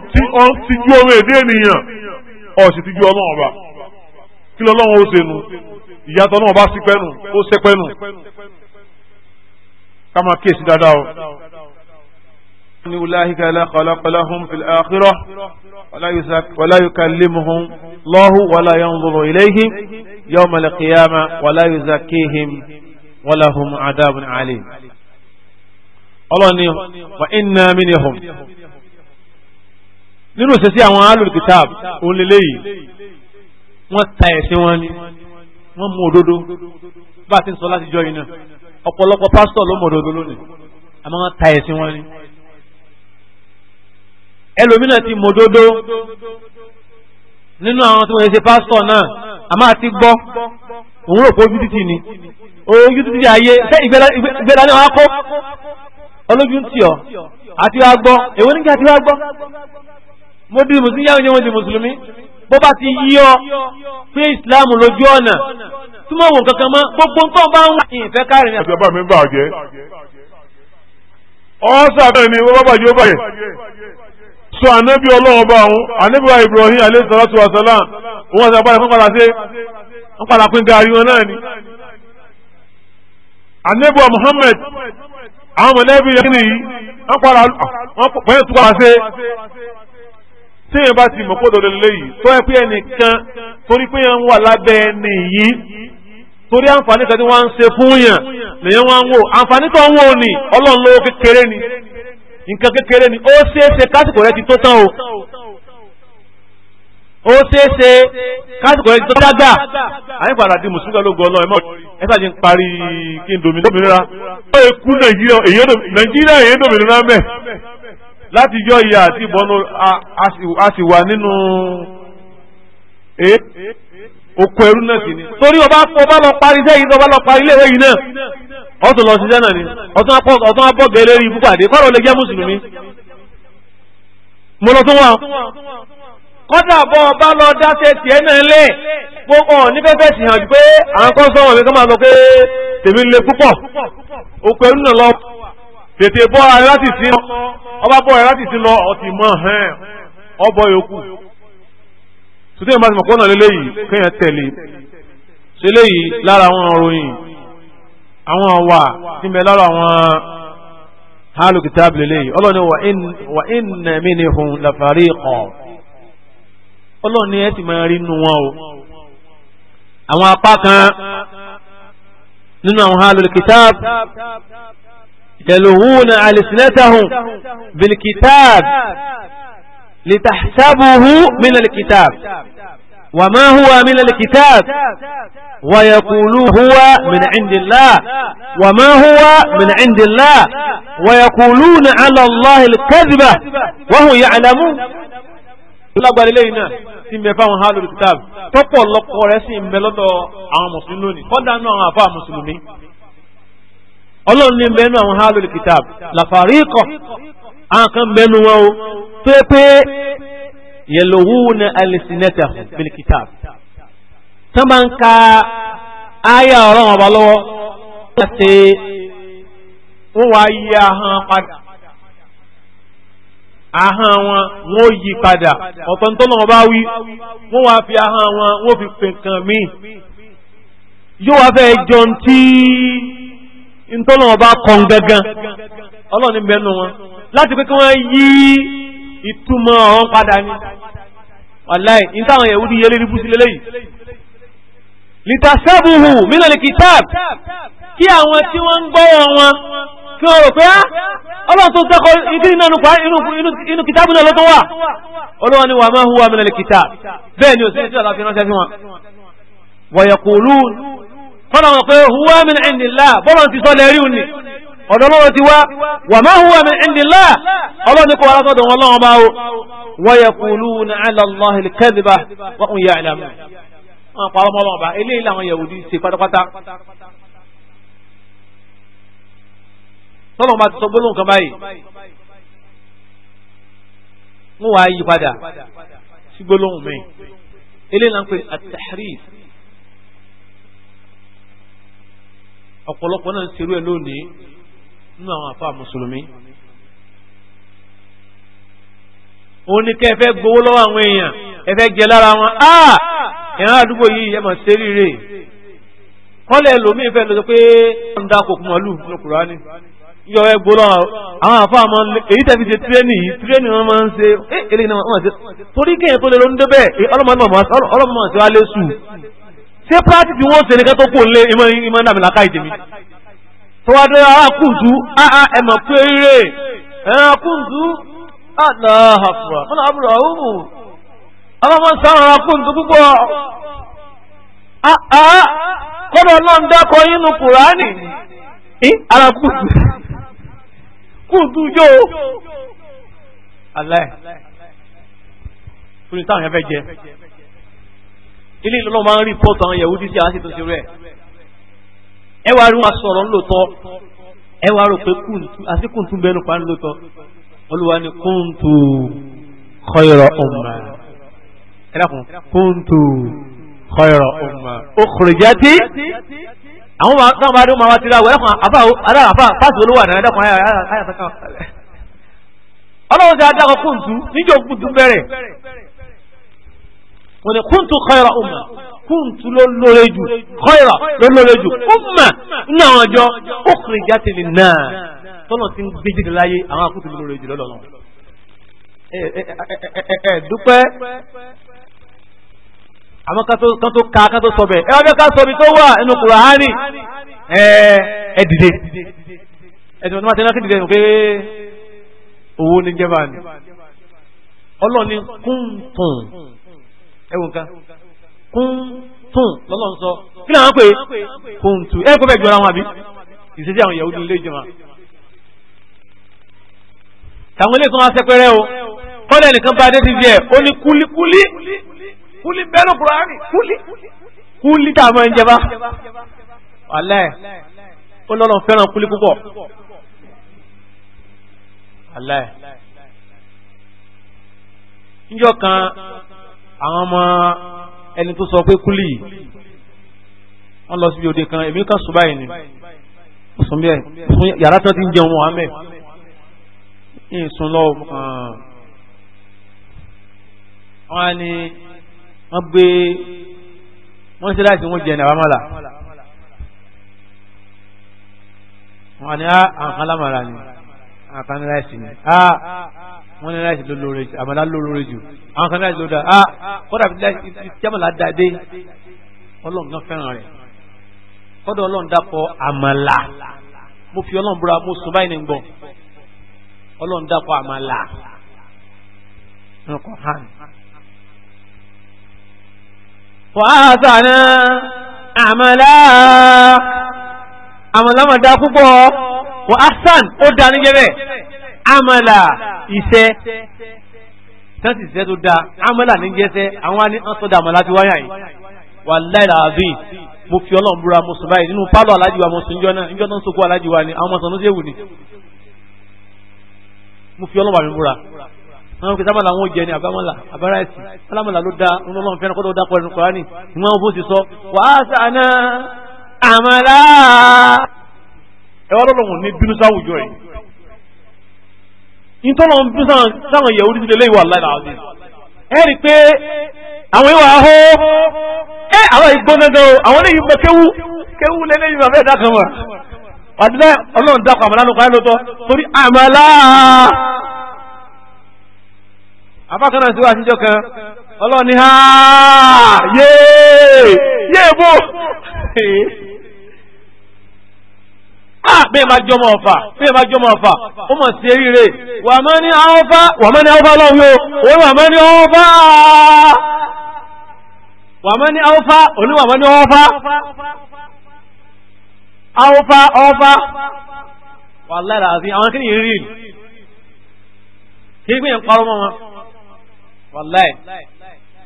ti ju ọmọ èdè ènìyàn ọ̀sì ti ju ọlọ́run ọba kí lọ́lọ́run ó ṣe nu ìyàtọ̀ náà bá sí pẹ́nu ó sẹ́ pẹ́nu ká máa kíyèsí dáadáa o. ní wùláhíkà alákọ̀ọ́lákọ̀ọ́lá hum fil akhirah wàlá yukallimuhum lọ́hù wàlá yanzuru ilayhim yawmal qiyamah wàlá yuzakkihim wàlá hum adabun alim. ọlọ́ni wa inna minhum nínú ìṣesí àwọn alùkìtàb òun lélẹ́yìí wọ́n ta ẹ̀sìn wọn ni wọ́n mú òdodo bá a ti ń sọ láti jọ iná ọ̀pọ̀lọpọ̀ pásítọ̀ ló mú òdodo lónìí àmọ́ wọ́n ta ẹ̀sìn wọn ni. ẹlòmínà ti mú òdodo nínú àwọn tí wọ́n ṣe pásítọ̀ náà àmọ́ àti gbọ́ òun rò pé ojú títì ni ojú títì ayé ṣé ìgbéra ni wọ́n á kó olójú ń tì ọ́ àti wàá gbọ́ èwo nígbà tí wàá gbọ́ mo di mùsùlùmí yáwó ni di mùsùlùmí bó bá ti yí ọ pé ìsìláàmù lójú ọ̀nà tí mo wò kankan mọ́ gbogbo ń tọ́ bá ń wà ní ìfẹ́ káàrin náà. ìjọba mi bà jẹ́ ọ́sà bẹ́ẹ̀ ni wọ́n bàjẹ́ ó bàjẹ́ so anabi ọlọ́run bá òun anabi wa Ibrahim alayhi salatu wa salam òun àti àpárá fún padà sí ń padà pín gaari wọn náà ni anabi wa Muhammad àwọn mọ̀lẹ́bí yẹn nìyí wọ́n padà wọ́n pẹ̀lú tó padà sí téèyàn bá ti mọ̀ kó dọ̀dọ̀ lélẹ́yìí tó ẹ pé ẹnìkan torí pé yẹn ń wà lábẹ́ ẹni yìí torí àǹfààní kan tí wọ́n ń ṣe fún yàn lèyàn wọ́n ń wò àǹfààní tó wò ní ọlọ́run lówó kékeré ni nǹkan kékeré ni ó ṣeéṣe kásìkò rẹ ti tó tán o ó ṣeéṣe kásìkò rẹ ti tó dágbà àyípadà di mùsùlùmí ló gbọ́ ọlọ́run ẹ sáà ti ń parí kí n dòmìnira ó èkú nàìjíríà èyí láti yọ ìyá àti ìbọnú a sì wà nínú eh, oko ẹrú náà sì ni. torí ọba ọba lọ parí iṣẹ́ yìí ọba lọ parí ilé ìwé yìí náà ọtún lọ ṣiṣẹ́ náà ni ọtún abọ́ gẹ̀ẹ́lẹ́ rí ibú pàdé kọ́rọ̀ lè jẹ́ mùsùlùmí. mo lọ tún wà kọ́dà bọ́ ọba lọ dáṣẹ́ tiẹ̀ náà lé gbogbo ní fẹ́fẹ́ sì hàn pé àwọn kan sọ̀rọ̀ mi kọ́ máa sọ pé tèmi le púpọ̀ oko ẹrú náà lọ tètè bọ́ ara láti sí lọ ọba bọ́ ara láti sí lọ ọtí mọ́ hàn ọbọ̀ yòókù tòtí ìbá ti mọ̀ kọ́nà lélẹ́yìí kéèyàn tẹ̀lé ṣe léyìí lára àwọn òròyìn àwọn ọ̀wà tí mẹ lára àwọn alùkìtàbí lélẹ́yìí ọlọ́ni wà ìnà mí ni hùn làfàrí ọ̀ ọlọ́ni ẹ ti máa rí nù wọn o àwọn apá kan nínú àwọn alùkìtàbí. يلغون ألسنتهم بالكتاب لتحسبه من الكتاب وما هو من الكتاب ويقولون هو من عند الله وما هو من عند الله ويقولون على الله الكذبة وهو يعلم lágbàrí ọlọ́run ní bẹnu àwọn hálùlù kìtàb làfàríkọ̀ àwọn kan bẹnu wọn o tó yẹ pé yẹlòwú na alisinẹta bíi kìtàb tó máa ń ka àyà ọ̀rọ̀ wọn bá lọ́wọ́ wọ́n ṣe wọ́n wá yí ahọ́n padà ahọ́n wọn wọ́n yí padà ọ̀tọ̀ nítorí bá wí wọ́n wá fi ahọ́n wọn wọ́n fi pè kàn mí yóò wá fẹ́ jọ ntí ntọ́nà ọba kan gangan ọlọ́run ní bẹ́ẹ̀ nù wọn láti pé kí wọ́n yí ìtumọ̀ ọ̀hún padà ní wàláì níta àwọn yẹ̀wù di yẹlẹ́rìí bú sí lélẹ́yìí litasabuhu minal kitab kí àwọn tí wọ́n ń gbọ́wọ́ wọn kí wọ́n rò pé á ah, ọlọ́run tó sẹ́kọ̀ọ́ ìdí iná inú kìtàbù náà ló tó wà ọlọ́run ni wà máa huwa minal kitab bẹ́ẹ̀ ni òsì kọ́nà wọn pé huwa min indillah bọ́lọ̀ ti sọ lẹ́rí òní ọ̀dọ̀ lọ́wọ́ ti wá wà máa huwa min indillah ọlọ́ni kò wá sọ́dọ̀ wọn lọ́wọ́ bá o wa yaquluna ala Allahi al-kadhiba wa hum ya'lamun wọn pa ọmọ ọlọ́wọ́ bá eléyìí làwọn Yahudi ṣe pátápátá tọ́lọ̀ máa ti sọ gbólóhùn kan báyìí wọn wá yí padà sí gbólóhùn mi eléyìí là ń pè at ọ̀pọ̀lọpọ̀ náà ń serú ẹ̀ lónìí nínú àwọn àfa mùsùlùmí. òun ni kẹ́ ẹ fẹ́ gbowó lọ́wọ́ àwọn èèyàn ẹ fẹ́ jẹ lára wọn ah! á ìran àdúgbò yìí ẹ mà ṣe ríre kọ́lẹ̀ lòmíì fẹ́ lọ́sọ pé wọ́n ń dá kò fún ọlù lókùrọ̀ ni yọ ẹ gbowó lọ́wọ́ àwọn àfa àmọ́ èyí tẹ̀ fi ṣe tírénì yìí tírénì wọn máa ń ṣe é eh, eléyìí náà wọ́n máa ṣe torí kéèyàn tó lè lóńdó bẹ́ẹ̀ eh, ọlọ́mọdé ṣé practice wọn ṣe nìkan tó kò lé ìmọ̀ ìdàmì làkà ìdèmí tó wá dé ara kùzú àà ẹ̀mọ̀ pé rè ẹ̀rọ kùzú àdáhàfà mọ́nà àbúrò àwùmù ọlọ́mọ sáwọn ara kùzú púpọ̀ àà kọ́dọ̀ náà ń dákọ̀ yínú kùránì ara kùzú kùzú alẹ́ yẹn ilé ìlọ́lọ́ máa ń rí pọ́ọ̀tù àwọn yahudi tí a sì tó ṣe rẹ̀ ẹ wá rí wọn sọ̀rọ̀ ńlòtọ́ ẹ wá rò pé àsìkò tún bẹnu pa ńlòtọ́ olùwà ni kóńtù khayra umma ẹ dákun kóńtù khayra umma ukhrijati àwọn táwọn bá dún máa wá ti ra wọ ẹ dákun àbá àbá pàṣẹ olówó àná ẹ ayàtọ̀ ọlọ́run ti adákọ̀ wọ́n ni kúntù khayra umma kúntù ló lóore jù khayra ló lóore jù umma ní àwọn ọjọ́ ukhrijat lin-nas tọ́nà ti ń gbé jáde láyé àwọn akúntù ló lóore jù lọ́lọ́run. ẹ dúpẹ́ àmọ́ kan tó ka kan tó sọ bẹ́ẹ̀ ẹ wá bẹ́ẹ̀ ká sọ ibi tó wà nínú Kùránì ẹ dìde ẹ dìde ọdún máa tẹ́lá dìde nù pé owó ní jẹ́bà ni ọlọ́ọ̀ni kúntùn ẹwọ nǹkan kún tún lọ́lọ́ sọ kí ni àwọn pé kún tún ẹ kó bẹ́ẹ̀ jọra wọn àbí ìṣesí àwọn ìyàwó nílé ìjọba tàwọn ilé ìsọ́nà sẹpẹrẹ o kọ́lẹ̀ nìkan bá dé tv ẹ̀ ó ní kúlíkúlí kúlí bẹ́ẹ̀rù kúránì kúlí kúlí tá a máa ń jẹba alẹ́ ó lọ́nà fẹ́ràn kúlí púpọ̀ alẹ́ níjọ́ kan àwọn ọmọ ẹni tó sọ pé kúlì wọ́n lọ síbi òde kan èmi kan sùn báyìí ni sùn bẹ́ẹ̀ sùn yàrá tán ti ń jẹun mohammed ní sùn lọ wọ́n á ní wọ́n gbé wọ́n ṣe láti wọ́n jẹ ní àbámọ́là wọ́n á ní ah, àǹkan lámàrà ni àǹkan láìsí ni ah, wọ́n ní láìsí lólórí jù àmàlà lólórí jù àwọn kan láìsí lóda ah kọ́dà bí láìsí jámàlà dáadé ọlọ́run kan fẹ́ràn rẹ̀ amala ọlọ́run dàpọ̀ àmàlà mo fi ọlọ́run búra mo sùn báyìí ní amala. ọlọ́run dàpọ̀ àmàlà nǹkan hàn. wàhásánà àmàlà àmàlà mà ọ púpọ̀ wàhásán ó dání jẹ́ bẹ́ẹ̀. amala iṣẹ́ tẹ́sí iṣẹ́ tó dáa amala ní jẹ́sẹ́ àwọn àni ọ̀sọ́dà àmàlà ti wáyà yìí wàláhì àbí mo fi ọlọ́run búra mo sùn báyìí nínú pálọ̀ alájíwá mo sùn níjọ́ níjọ́ náà ń sokó alájíwá ni àwọn ọmọ sàn ló ṣe wù ni mo fi ọlọ́run bàmí búra àwọn òkè sábà làwọn jẹ ni àbámọ́là àbára ẹ̀sìn sálámọ̀là ló dá ọ̀nà ọlọ́run fẹ́ràn kọ́tọ̀ dákọ̀ ẹnu kọ́ránì ni wọ́n fún ti sọ wàá sànà àmàlà ẹ̀wọ́n lọ́lọ́run ní bínú sáwùjọ yìí ìtọ́nà ń bí sáwọn yẹ̀wò ní ilé ìwà láìla àti ẹ̀rí pé àwọn ìwà ahó ẹ àwọn ìgbónáńgá o àwọn eléyìí mọ kéwú kéwú lẹ́lẹ́yìn bàbá ẹ̀dá kan wà wàdúrà ọlọ́run dákọ̀ àmàlà ló parí lótọ́ torí àmàlà afákanáà sí wa àtijọ́ kan ọlọ́run ni ha yéé yéé bó. Ah, bẹ́ẹ̀ máa jọmọ ọ̀fà bẹ́ẹ̀ máa jọmọ ọ̀fà ó mọ̀ sí eríire wà mọ́ ní ọ̀fà wà mọ́ ní ọ̀fà lọ́wọ́ yóò wà mọ́ ní ọ̀fà wà mọ́ ní ọ̀fà oníwà mọ́ ní ọ̀fà ọ̀fà ọ̀fà wà lára àti àwọn kí ni rí kí ni gbìyànjú parọ́ mọ́ wọn wà láì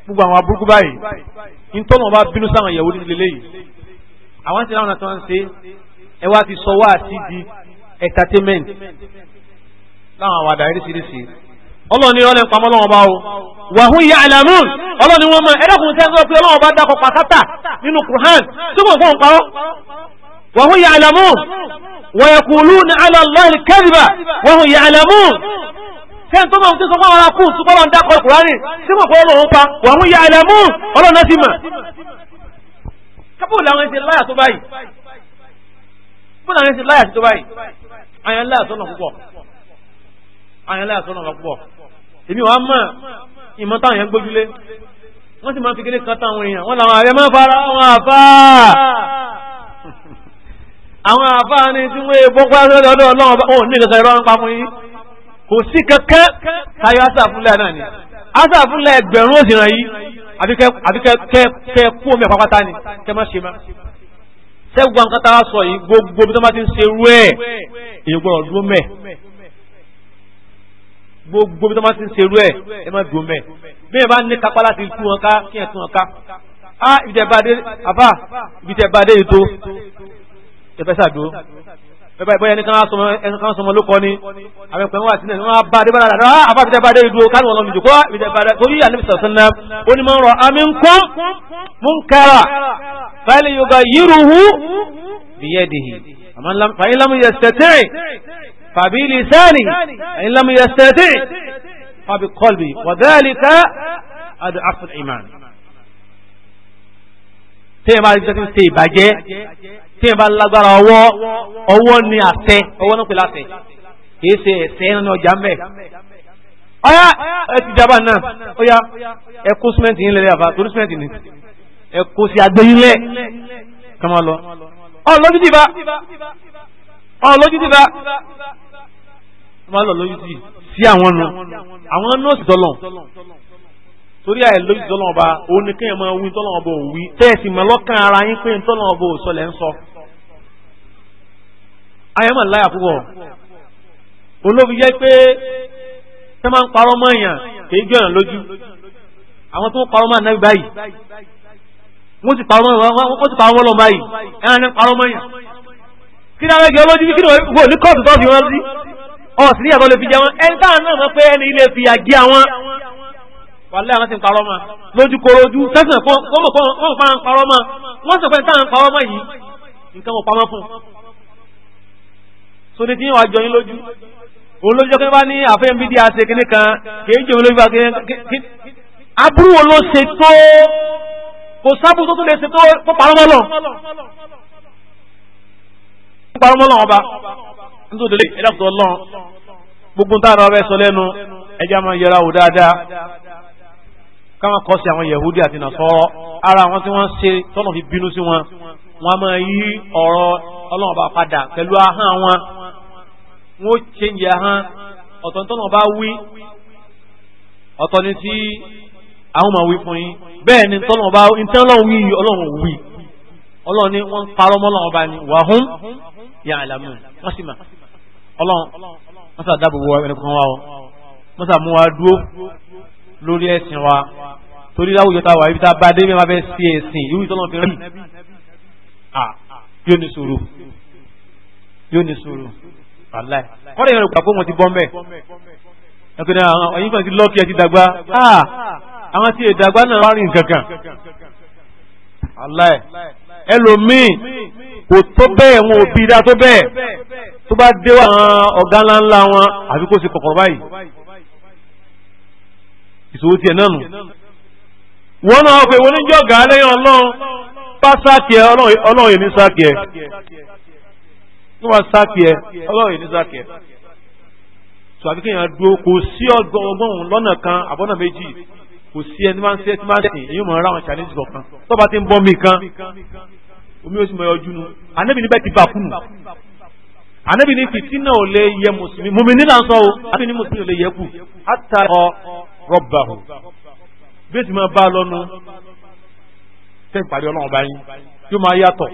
gbogbo àwọn aburúkú báyìí ní tọ́nà bá bínú sáwọn ìyàwó nílé yìí àwọn ti láwọn àti wọn ṣe ẹ wá ti sọ wáàsí di entertainment láwọn àwàdà eréṣiríṣi ọlọ́run ní ọlẹ́ pamọ́ lọ́wọ́ bá o wàhún ìyá alamun ọlọ́run wọn mọ ẹ̀dọ́kùnrin tẹ́ ń sọ pé ọlọ́run bá dákọ̀ pàtàkì nínú Qur'an tí kò fọ́n parọ́ wàhún ìyá alamun wayakuluna ala Allahi kadhiba wàhún ìyá alamun tẹ́ ń tó mọ̀ tí sọ fún ara kù tí ọlọ́run dákọ̀ Qur'ani tí kò fọ́n lọ́wọ́ pa wàhún ìyá alamun ọlọ́run náà ti mọ̀ kódà ní ti láyà sí tó báyìí àyàn láyà sọ́nà púpọ̀ àyàn láyà sọ́nà púpọ̀ èmi wàá mọ̀ ìmọ̀ táwọn yẹn gbójúlé wọ́n sì máa fi kéde kan táwọn èèyàn wọ́n làwọn ààrẹ máa fara àwọn àfá àwọn àfá ni tí wọ́n ebó pàṣẹ lọ́dọ̀ ọlọ́run bá òun ní kankan ìrọ́ ń pa fún yín kò sí kankan táyọ̀ àṣàfúnlẹ̀ náà ni àṣàfúnlẹ̀ ẹgbẹ̀rún òsì ràn yìí àbíkẹ́ kẹ́ kú omi ẹ̀pápátá ni kẹ́ má ṣe má sẹ́gun nǹkan tá a sọ yìí gbogbo bí wọ́n bá ti ń ṣe irú ẹ̀ èyí gbọ́dọ̀ dúró mẹ́ gbogbo bí wọ́n bá ti ń ṣe irú ẹ̀ ẹ má dúró mẹ́ bí ẹ bá ní kápá láti tú wọn ká kí ẹ tú wọn ká á ah, ibi tẹ bá dé àbá ibi tẹ bá dé ètò ẹ fẹ́ sàdúró bẹ́ẹ̀ bọ́yá ní káwọn sọmọ ló kọ́ ni àbẹ̀pẹ̀ wà sílẹ̀ wọ́n á bá dé bára dáadáa àbá fi dábàá dé ìdúró káwọn ọlọ́run ìjòkó ìjẹ̀bàdà torí àníbi sàṣánná ó ní máa ń rọ àmì ń kún mú ń kára fáìlì yorùbá yírùhù bìyẹ́dìhì fàyín lámú yẹ sẹ́tẹ̀rì ṣe ìbàjẹ́ tí ẹ bá lágbára ọwọ́ ọwọ́ ni àtẹ ọwọ́ náà pè láti kìí ṣe ẹ̀sẹ̀ ẹran ọjà mẹ́ ọyá ẹ jábà náà ọyá ẹ símẹ́ǹtì yín lẹ́lẹ́ àbá torí símẹ́ǹtì ni ẹ kó sí agbẹ́yìn lẹ́ kama lọ ọ lójú ti bá ọ lójú ti bá kama lọ lójú ti sí àwọn nu àwọn nọ́ọ̀sì dọ́lọ̀ torí àyè lójú tọ́lọ́ ọba òun ni kéèyàn máa wí tọ́lọ́ ọba òun wí tẹ́ẹ̀sì mọ́ lọ́kàn ara yín pé tọ́lọ́ òun sọ lẹ́ ń sọ ayẹ́mọ̀ láyà púpọ̀ olóbi jẹ́ pé tẹ́ máa ń parọ́ mọ́ èèyàn kìí jọ èèyàn lójú àwọn tó ń parọ́ mọ́ ànábì báyìí wọ́n ti parọ́ mọ́ lọ báyìí ẹran ní parọ́ mọ́ èèyàn kí ni awẹ́gẹ́ olójú kí ni wọ́n ní kóòtù tó fi wọ́n sí ọ̀sìn níyàtọ̀ lè fi jẹ wọn ẹni táwọn náà mọ̀ pé ẹni ilé fi àgé àwọn wàlẹ́ àwọn ti ń parọ́ mọ́ lójú korojú tẹ́sán fún wọn mọ̀ fún wọn parọ́ mọ́ wọ́n sọ pé táwọn parọ́ mọ́ yìí nǹkan mọ̀ pamọ́ fún so ní tí yóò wá jọ yín lójú òun lójú ọkọ bá ní àfẹ́yìn bíi díà ṣe kíní kan kìí jòmí lójú bá kíní aburú wo ló ṣe tó kò sábù tó tó lè ṣe tó kó parọ́mọ́lọ̀ kó parọ́mọ́lọ̀ ọba nítorí délé ẹ̀dá kò lọ́n gbogbo tá a lọ bẹ́ẹ̀ sọ lẹ́nu ẹja máa yẹra wò dáadáa káwọn kọ́ sí àwọn yẹ̀húdí àti nàṣọ́rọ́ ara àwọn tí wọ́n ń ṣe tọ́nà fi bínú sí wọn wọ́n máa yí ọ̀rọ̀ ọlọ́run bá padà pẹ̀lú ahọ́n wọn wọ́n change ahọ́n ọ̀tọ̀ntọ́nà bá wí ọ̀tọ̀ ni tí àwọn máa wí fún yín bẹ́ẹ̀ ni tọ́nà bá wí tẹ́ ọlọ́run wí yìí ọlọ́run wí ọlọ́run ni wọ́n ń parọ́ mọ́ ọlọ́run bá ní wàhún yà àlàmù wọ́n sì mà ọlọ́run wọ́n sà dáàbò wọ kan wa o wọ́n sà mú wa dúró lórí ẹ̀sìn wa torí láwùjọ tá a wà ibi tá a bá dé bí wọ́n bá sí ẹ̀sìn ìlú ìtọ́nà fi rí yóò ní sùúrù yóò ní sùúrù Alai, kọ́dà ìrẹ̀lẹ̀ gbà pé mo ti bọ́ mbẹ́ ẹ̀tọ́ ni àwọn ọ̀yìn kan ti lọ́ọ̀kì ẹ̀ ti dàgbà ah! àwọn tí ìdàgbà náà wárìn kankan wàláì ẹlòmíì kò tó bẹ́ẹ̀ wọn ò bí dá tó bẹ́ẹ̀ tó bá dé wà àwọn ọ̀gá ńláńlá wọn àbí kó ṣe kọ̀kọ̀ báyìí ìṣòro tiẹ̀ náà nù wọ́n náà pé oníjọ́gà lẹ́yìn ọlọ́run bá sáàkì ẹ ọlọ́run èmi sáàkì ẹ ní wọ́n sáàkì ẹ ọlọ́run ní sáàkì ẹ tó àbí kéèyàn dúró kò sí ọgbọ̀n lọ́nà kan àbọ̀nà méjì kò sí ẹni máa ń sẹ́ tí máa sìn èyí mọ̀ ọ́n ráwọn challenge kọ̀ọ̀kan tó bá ti ń bọ́ mi kan omi ó sì mọ̀ ọjú nu anábì níbẹ̀ ti bà kùnù anábì ní fìtínà ò lè yẹ mùsùlùmí mùmí nílà ń sọ o anábì ní mùsùlùmí ò lè yẹ kù àtà ọ rọba o bí o ti máa bá a lọ́nu tẹ́ ìpàdé ọlọ́run bá yín yóò máa yàtọ̀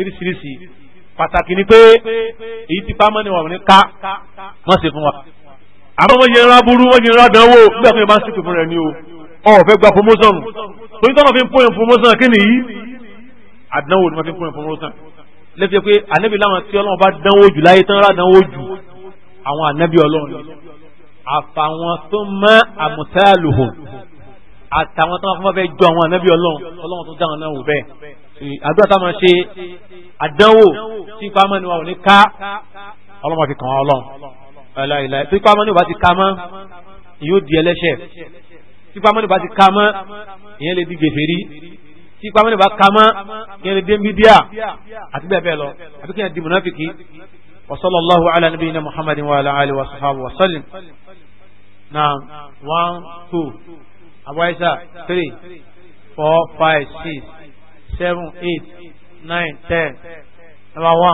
eríṣiríṣi pàtàkì ni pé èyí ti pamọ́ ni wọ́n ní ká wọ́n ṣe fún wa. àmọ́ wọ́n yẹ ẹran aburú wọ́n yẹ ẹran dánwò nígbà tó yẹ máa ń sìnkú fún rẹ̀ ni o ọ̀fẹ́ gba promotion torí tọ́nà fi ń pòyàn promotion kí nìyí àdánwò ni wọ́n fi ń pòyàn promotion lẹ́sẹ̀ pé ànábì láwọn tí ọlọ́run bá dánwò jù láyé tán rà dánwò jù àwọn ànábì ọlọ́run àfàwọn tó mọ àmùtálùhùn àtàwọn tó máa fẹ́ jọ àwọn ànábì ọlọ́run ọlọ́run tó dáhùn náà wò bẹ́ẹ̀ àdúrà táwọn ṣe àdánwò tí pamọ́ ni wọn ò ní ká ọlọ́mọ fi kàn án ọlọ́run ẹ̀láìláì tí pamọ́ ni wọn bá ti ká mọ́ ìyóò di ẹlẹ́ṣẹ̀ tí pamọ́ ni wọn bá ti ká mọ́ ìyẹn lè di gèfèrí tí pamọ́ ni wọn ká mọ́ ìyẹn lè di mídíà àti bẹ́ẹ̀ bẹ́ẹ̀ lọ àti kí n di mùnáfìkì وصلى الله على نبينا محمد وعلى آله وصحبه وسلم نعم 1 2 أبو عيسى Three, four, five, six, seven, eight. nine ten number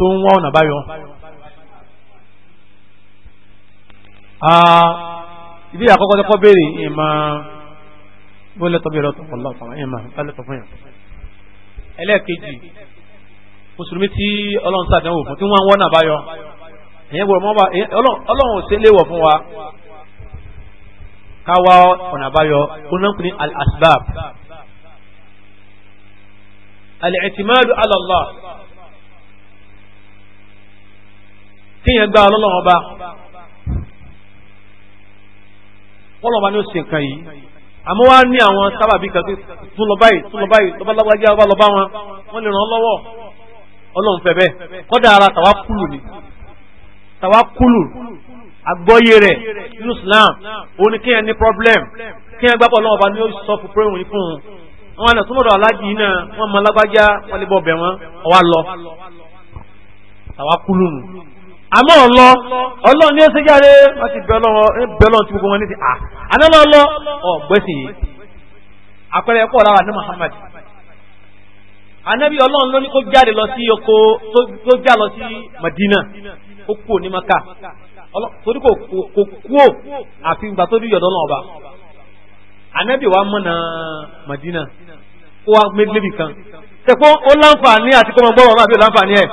tó ń wá ọ̀nà báyọ̀. ibi àkọ́kọ́ tó kọ́ béèrè ìmọ̀ wọlé tó béèrè ọ̀tọ̀ pọ̀lọ́ ọ̀tọ̀ ìmọ̀ lálẹ́ tó fún yàn. ẹlẹ́ẹ̀kejì mùsùlùmí tí ọlọ́run sàdánwò fún tí wọ́n ń wọ́nà báyọ̀ ẹ̀yẹ́ gbọ́dọ̀ mọ́ bá ọlọ́run ò sí léwọ̀ fún wa ká wá ọ̀nà àbáyọ onáńkù ní al-asbab al-i'timadu ala Allah kéèyàn gba ọlọ́lọ́wọ́ ọba wọ́n lọ́ba ní ó ṣe nǹkan yìí àmọ́ wá ní àwọn sábàbí kan pé tún lọ báyìí tún lọ báyìí lọ́ba lágbájá ọba lọ́ba wọn wọ́n lè ràn án lọ́wọ́ ọlọ́run fẹ́ bẹ́ẹ̀ kọ́dà ara tàwa kúlù ni tàwa kúlù àgbọ́yé rẹ̀ nínú Islam òun ni kéèyàn ní problem kéèyàn gbábọ̀ ọlọ́wọ́ ọba ní ó sọ fún pé òun fún un àwọn àna súnmọ́dọ̀ aláàjì náà wọ́n mọ lágbájá wọ́n lè bọ̀ bẹ̀ wọ́n ọwá lọ tàwa kúlù nù àmọ́ ọlọ, ọlọ ní ó jáde wọ́n ti bẹ̀lọ́n tí gbogbo wọn ní ti ah, à yìí àpẹẹrẹ ní Muhammad kó jáde lọ sí oko tó já lọ sí Madina ó kú ní Maka torí kò kú àfi ọba wa mọ̀nà Madina kan ó láǹfààní àti kọ́mọ àbí ó láǹfààní ẹ̀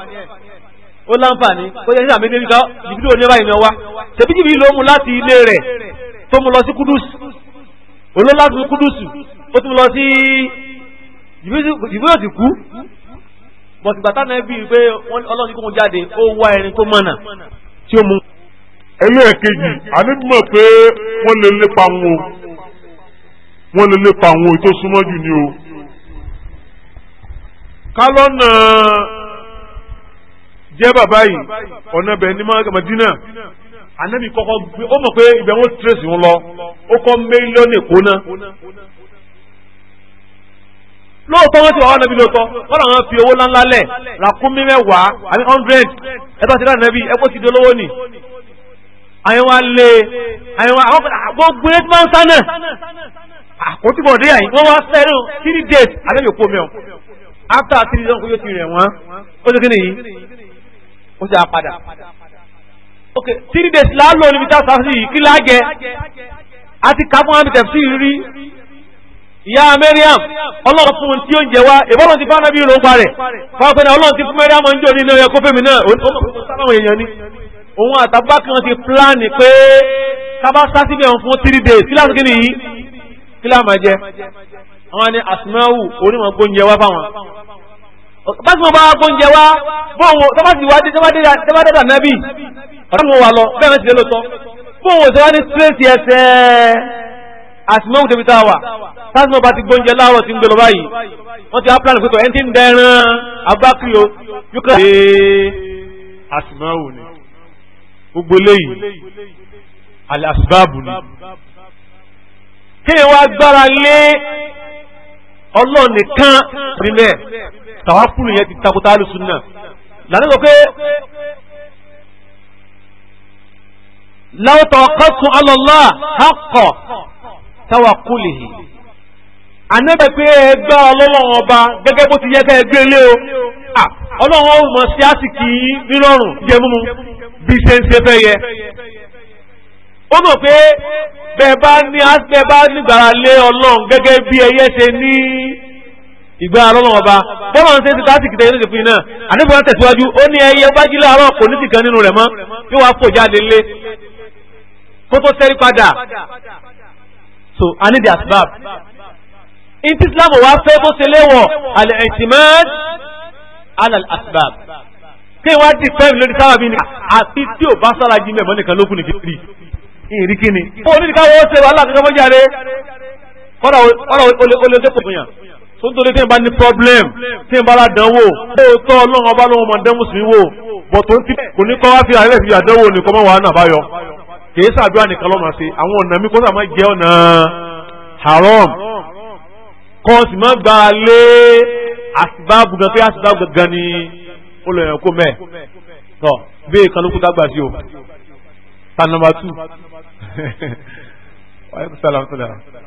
ó láǹfààní ó yẹ sísà méjèèjì ká jìbìlì òní báyìí ni ọ wá tẹ̀bí jìbìlì ló mú láti ilé rẹ̀ tó mú lọ sí kúdùsù olóò láti kúdùsù ó tún lọ sí jìbìlì òsì kú bọ̀tì bàtà náà bí pé ọlọ́run kò jáde ó wá ẹni tó mọ̀nà tí ó mú. ẹlẹ́ẹ̀kejì àníbi mọ̀ pé wọ́n lè lépa wọn wọ́n lè lépa wọn tó súnmọ́ jù ni o kálọ́nà. jẹ́bà báyìí ọ̀nà bẹ̀ ní Madina anabi kọ́kọ́ gbé ó mọ̀ pé ibẹ̀ wọn tírèsì wọn lọ ó kọ́ mílíọ̀nù èkó náà lóòótọ́ wọ́n ti wà wá nàbí lóòótọ́ wọ́n làwọn fi owó ńláńlá lẹ̀ làkúnmí mẹ́wàá àbí hundred ẹgbẹ́ ti rà nàbí ẹgbẹ́ ti dolówó nì àyẹ̀wò alẹ́ àyẹ̀wò gbogbo eight months sánà àkótí bọ̀dé àyìn wọ́n wá sẹ́rù three days àbẹ́yẹ̀ kó after three days wọ́n kó yóò ti rẹ̀ wọ́n ó ti kí ó sì á padà ok three days láàlọ́ níbi tá a sáfì yìí kí láàjẹ àti kápọ́n àmì tẹ̀sí rí ìyá mẹ́ríàm ọlọ́run fún tí ó ń jẹ wá ìbọ́lọ̀ ti bá nábì ìrò pa rẹ̀ fọ́pẹ́ náà ọlọ́run ti fún mẹ́ríàm ń jò nínú ẹ̀kọ́ fẹ́mi náà sáwọn èèyàn ni òun àtàbá kí wọ́n ti pláàni pé kábá sá síbẹ̀ wọn fún three days kíláàsì kí nìyí kíláà máa jẹ àwọn ni asmáwù onímọ̀ gbóúnjẹ wá fáwọn báṣọ bá gbóúnjẹ wá bóòwò tọ́bátìwádé tọ́bátìwádé nàbí ọ̀rọ̀ wà lọ bẹ́ẹ̀ ti lè lọ sọ bóòwò tọ́bátì straight ẹsẹ̀ àtìmọ́wù tẹ̀bí táwà tásìmọ́ bá ti gbóúnjẹ láàárọ̀ tí ń gbèrò báyìí wọ́n ti ápùlánì pẹ̀tọ̀ ẹni tí ń dẹran abákiri o yókè ṣe àtìmọ́wù ni gbogbo léyìí àlẹ́ àsìbáàbù ni kéèyàn wá gbára lé ọlọ́ọ̀nìkan rí náà tàwákùlù yẹn ti takota alùsùn náà lànà sọ pé láwùtọ̀ kọ́sùn alọ́lá hákọ̀ tàwákùlìhì ànẹ́bẹ̀ pé ẹgbẹ́ ọlọ́wọ́n ọba gẹ́gẹ́ bó ti yẹ ká ẹgbẹ́ ilé o ọlọ́wọ́n ò mọ̀ sí àsìkí nírọ̀rùn jẹ múmu bí ṣe ń ṣe ó mọ̀ pé bẹ́ẹ̀ bá ní gbàrà lé ọlọ́run gẹ́gẹ́ bí ẹyẹ ṣe ní ìgbà ọlọ́run ọba bọ́lá ń ṣe ti tásìkì tẹ́lẹ̀ ìdìpín náà àníbi wọn tẹ̀síwájú ó ní ẹyẹ bá jí láàárọ̀ kò ní sì kan nínú rẹ̀ mọ́ yóò wá fò jáde lé kó tó tẹ́rí padà so i need the asbab in ti islam wa fẹ́ bó ṣe léwọ̀ alẹ́ ẹ̀tìmẹ́d alal asbab kí wọ́n á di fẹ́ẹ̀mì lórí sábà bí ní àti tí ò bá sára jí mẹ́mọ́ nìkan lókun nìkan rí ìrí kíni. ó ní káwọ́ ó ṣe wàhálà kankan mọ́jáde kọ́dà ó tó ń torí tí n bá ní problem tí n bá ládánwò lóòótọ́ ọlọ́run ọba lóhun máa dán mùsùlùmí wò bọ̀ tó ń tilẹ̀ kò ní kọ́ wá fi àlẹ́ fi àdánwò nìkan mọ́ wàhánà báyọ̀ kìí sàdúrà nìkan lọ́nà sí àwọn ọ̀nà mi kó sàmọ́ jẹ́ ọ̀nà haram kan sì máa gba lé àsìbáàbù gan pé àsìbáàbù gan ni olùyàn kó mẹ́ẹ̀ tọ́ bí èèkan ló kú dàgbà sí o ta nọmba two.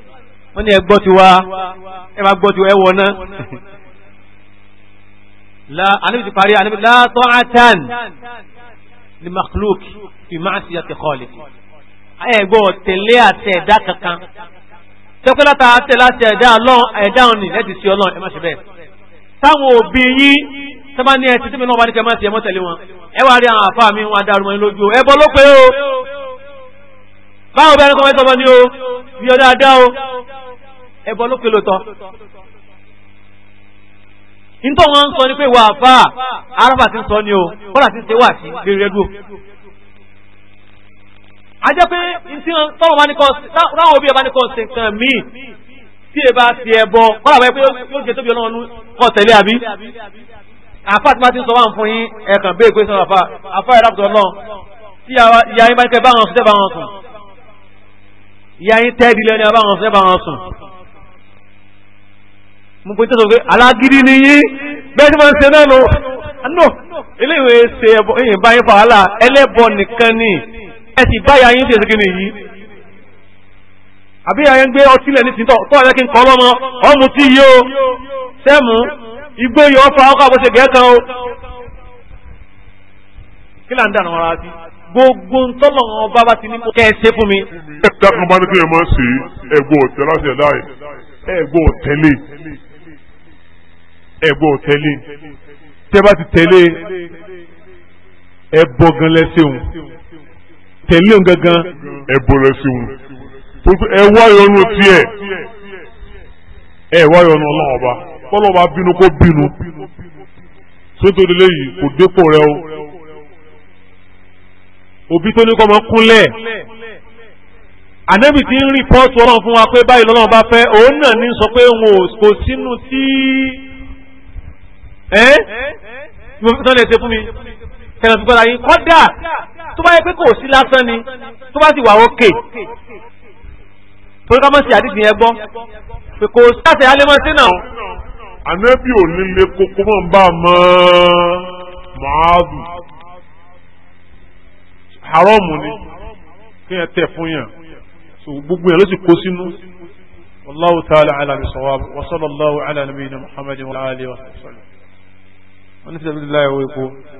wọ́n ní ẹ gbọ́ tiwa ẹ máa gbọ́ tiwa ẹ wọ̀ náà la anabi ti parí anabi la ta'atan li makhluq fi ma'siyati khaliq ẹ gbọ́ tẹ̀lé àti ẹ̀dá kankan tẹ́kọ́láta àti láti ẹ̀dá ọlọ́run ẹ̀dá òní lẹ́ti sí ọlọ́run ẹ má ṣe bẹ́ẹ̀ táwọn òbí yín sábà ní ẹ títí mi náà wà ní kẹ́ ti ẹ mọ́ tẹ̀lé wọn ẹ wá rí àwọn àfáà mi wọn adarumọ̀ lójú ẹ bọ́ ló pé o báwo bẹ́ẹ̀ kọ́ mẹ́tọ́ ọmọ ní o ní ọdá adá o ẹbọ ló pèlò tọ́ nítorí wọn ń sọ ni pé wà fà arábà ti ń sọ ni o bọ́lá ti ń ṣe wà sí lérí rẹ́dúró a jẹ́ pé tọ́wọ́ bá ní kọ́ ráwọn òbí ẹ̀ bá ní kọ́ ṣe nǹkan míì tí ẹ bá ti ẹ bọ kọ́lá bá pé yóò jẹ tóbi ọlọ́run kọ́ tẹ̀lé àbí àfa tí wọ́n ti ń sọ wọn fún yín ẹ̀ẹ̀kan bẹ́ẹ̀ pé sọ àfa àfa ẹ̀rọ ìyá yín tẹ́ẹ̀dì lẹ́nu ẹ bá wọn sùn ẹ bá wọn sùn. mo pe tẹ́sán pé alágídí ni yín bẹ́ẹ̀ tí wọ́n ń ṣe náà lò no eléyìí ṣe ẹ̀bọ ẹ̀yìn bá yín fa wàhálà ẹlẹ́bọ nìkan ni ẹ sì bá ìyá yín ṣe ṣèkínì yìí. àbí ìyá yín gbé ọtí lẹ̀ ní tìǹtọ̀ tó wà lẹ́kìn kọ́ lọ́mọ ọmú tí yìí o sẹ́mu igbó yìí ọ fa ọkọ̀ àbọ̀ṣe gẹ̀ẹ́kan o kí gbogbo ntọ́lọ̀ ọba bá ti ní kẹ́ ẹ ṣe fún mi. ẹ dákun bá ní kí ẹ máa ṣe ẹgbọ́ ọ̀tẹ láti ẹ̀dá ẹ̀ ẹgbọ́ ọ̀tẹ́lẹ̀ ẹgbọ́ ọ̀tẹ́lẹ̀ tẹ́ bá ti tẹ́lẹ̀ ẹbọ gan lẹ́sẹ̀hún tẹ́lẹ̀ òun gangan ẹbọ lẹ́sẹ̀hún ẹ wá yọnu tiẹ̀ ẹ wá yọnu ọlọ́wọ́ bá kọ́lọ́wọ́ bá bínú kó bínú sótó délé yìí kò dépò rẹ o òbí tó ní kọ́ mọ́ kúnlẹ̀ ànábì tí ń rìpọ́ọ̀tù ọlọ́run fún wa pé báyìí lọ́lọ́run bá fẹ́ òun náà ní sọ pé òun ò kò sínú tí ẹ́ náà lè ṣe fún mi kẹ̀lẹ́ fi gbọ́dọ̀ yín kọ́dà tó bá yẹ pé kò sí lásán ni tó bá sì wà òkè torí ká mọ̀ sí àdìsí yẹn gbọ́ pé kò sí àṣẹ alẹ́mọ́sí náà. ànábì ò ní lè kókó mọ̀ bá a mọ́ máàdù haramu ni kéèyàn tẹ̀ fún yàn so gbogbo yẹn ló sì kó sínú wallahu ta'ala ala bi sawab wa sallallahu ala nabiyyina ní sẹ́bi láyé wo epo.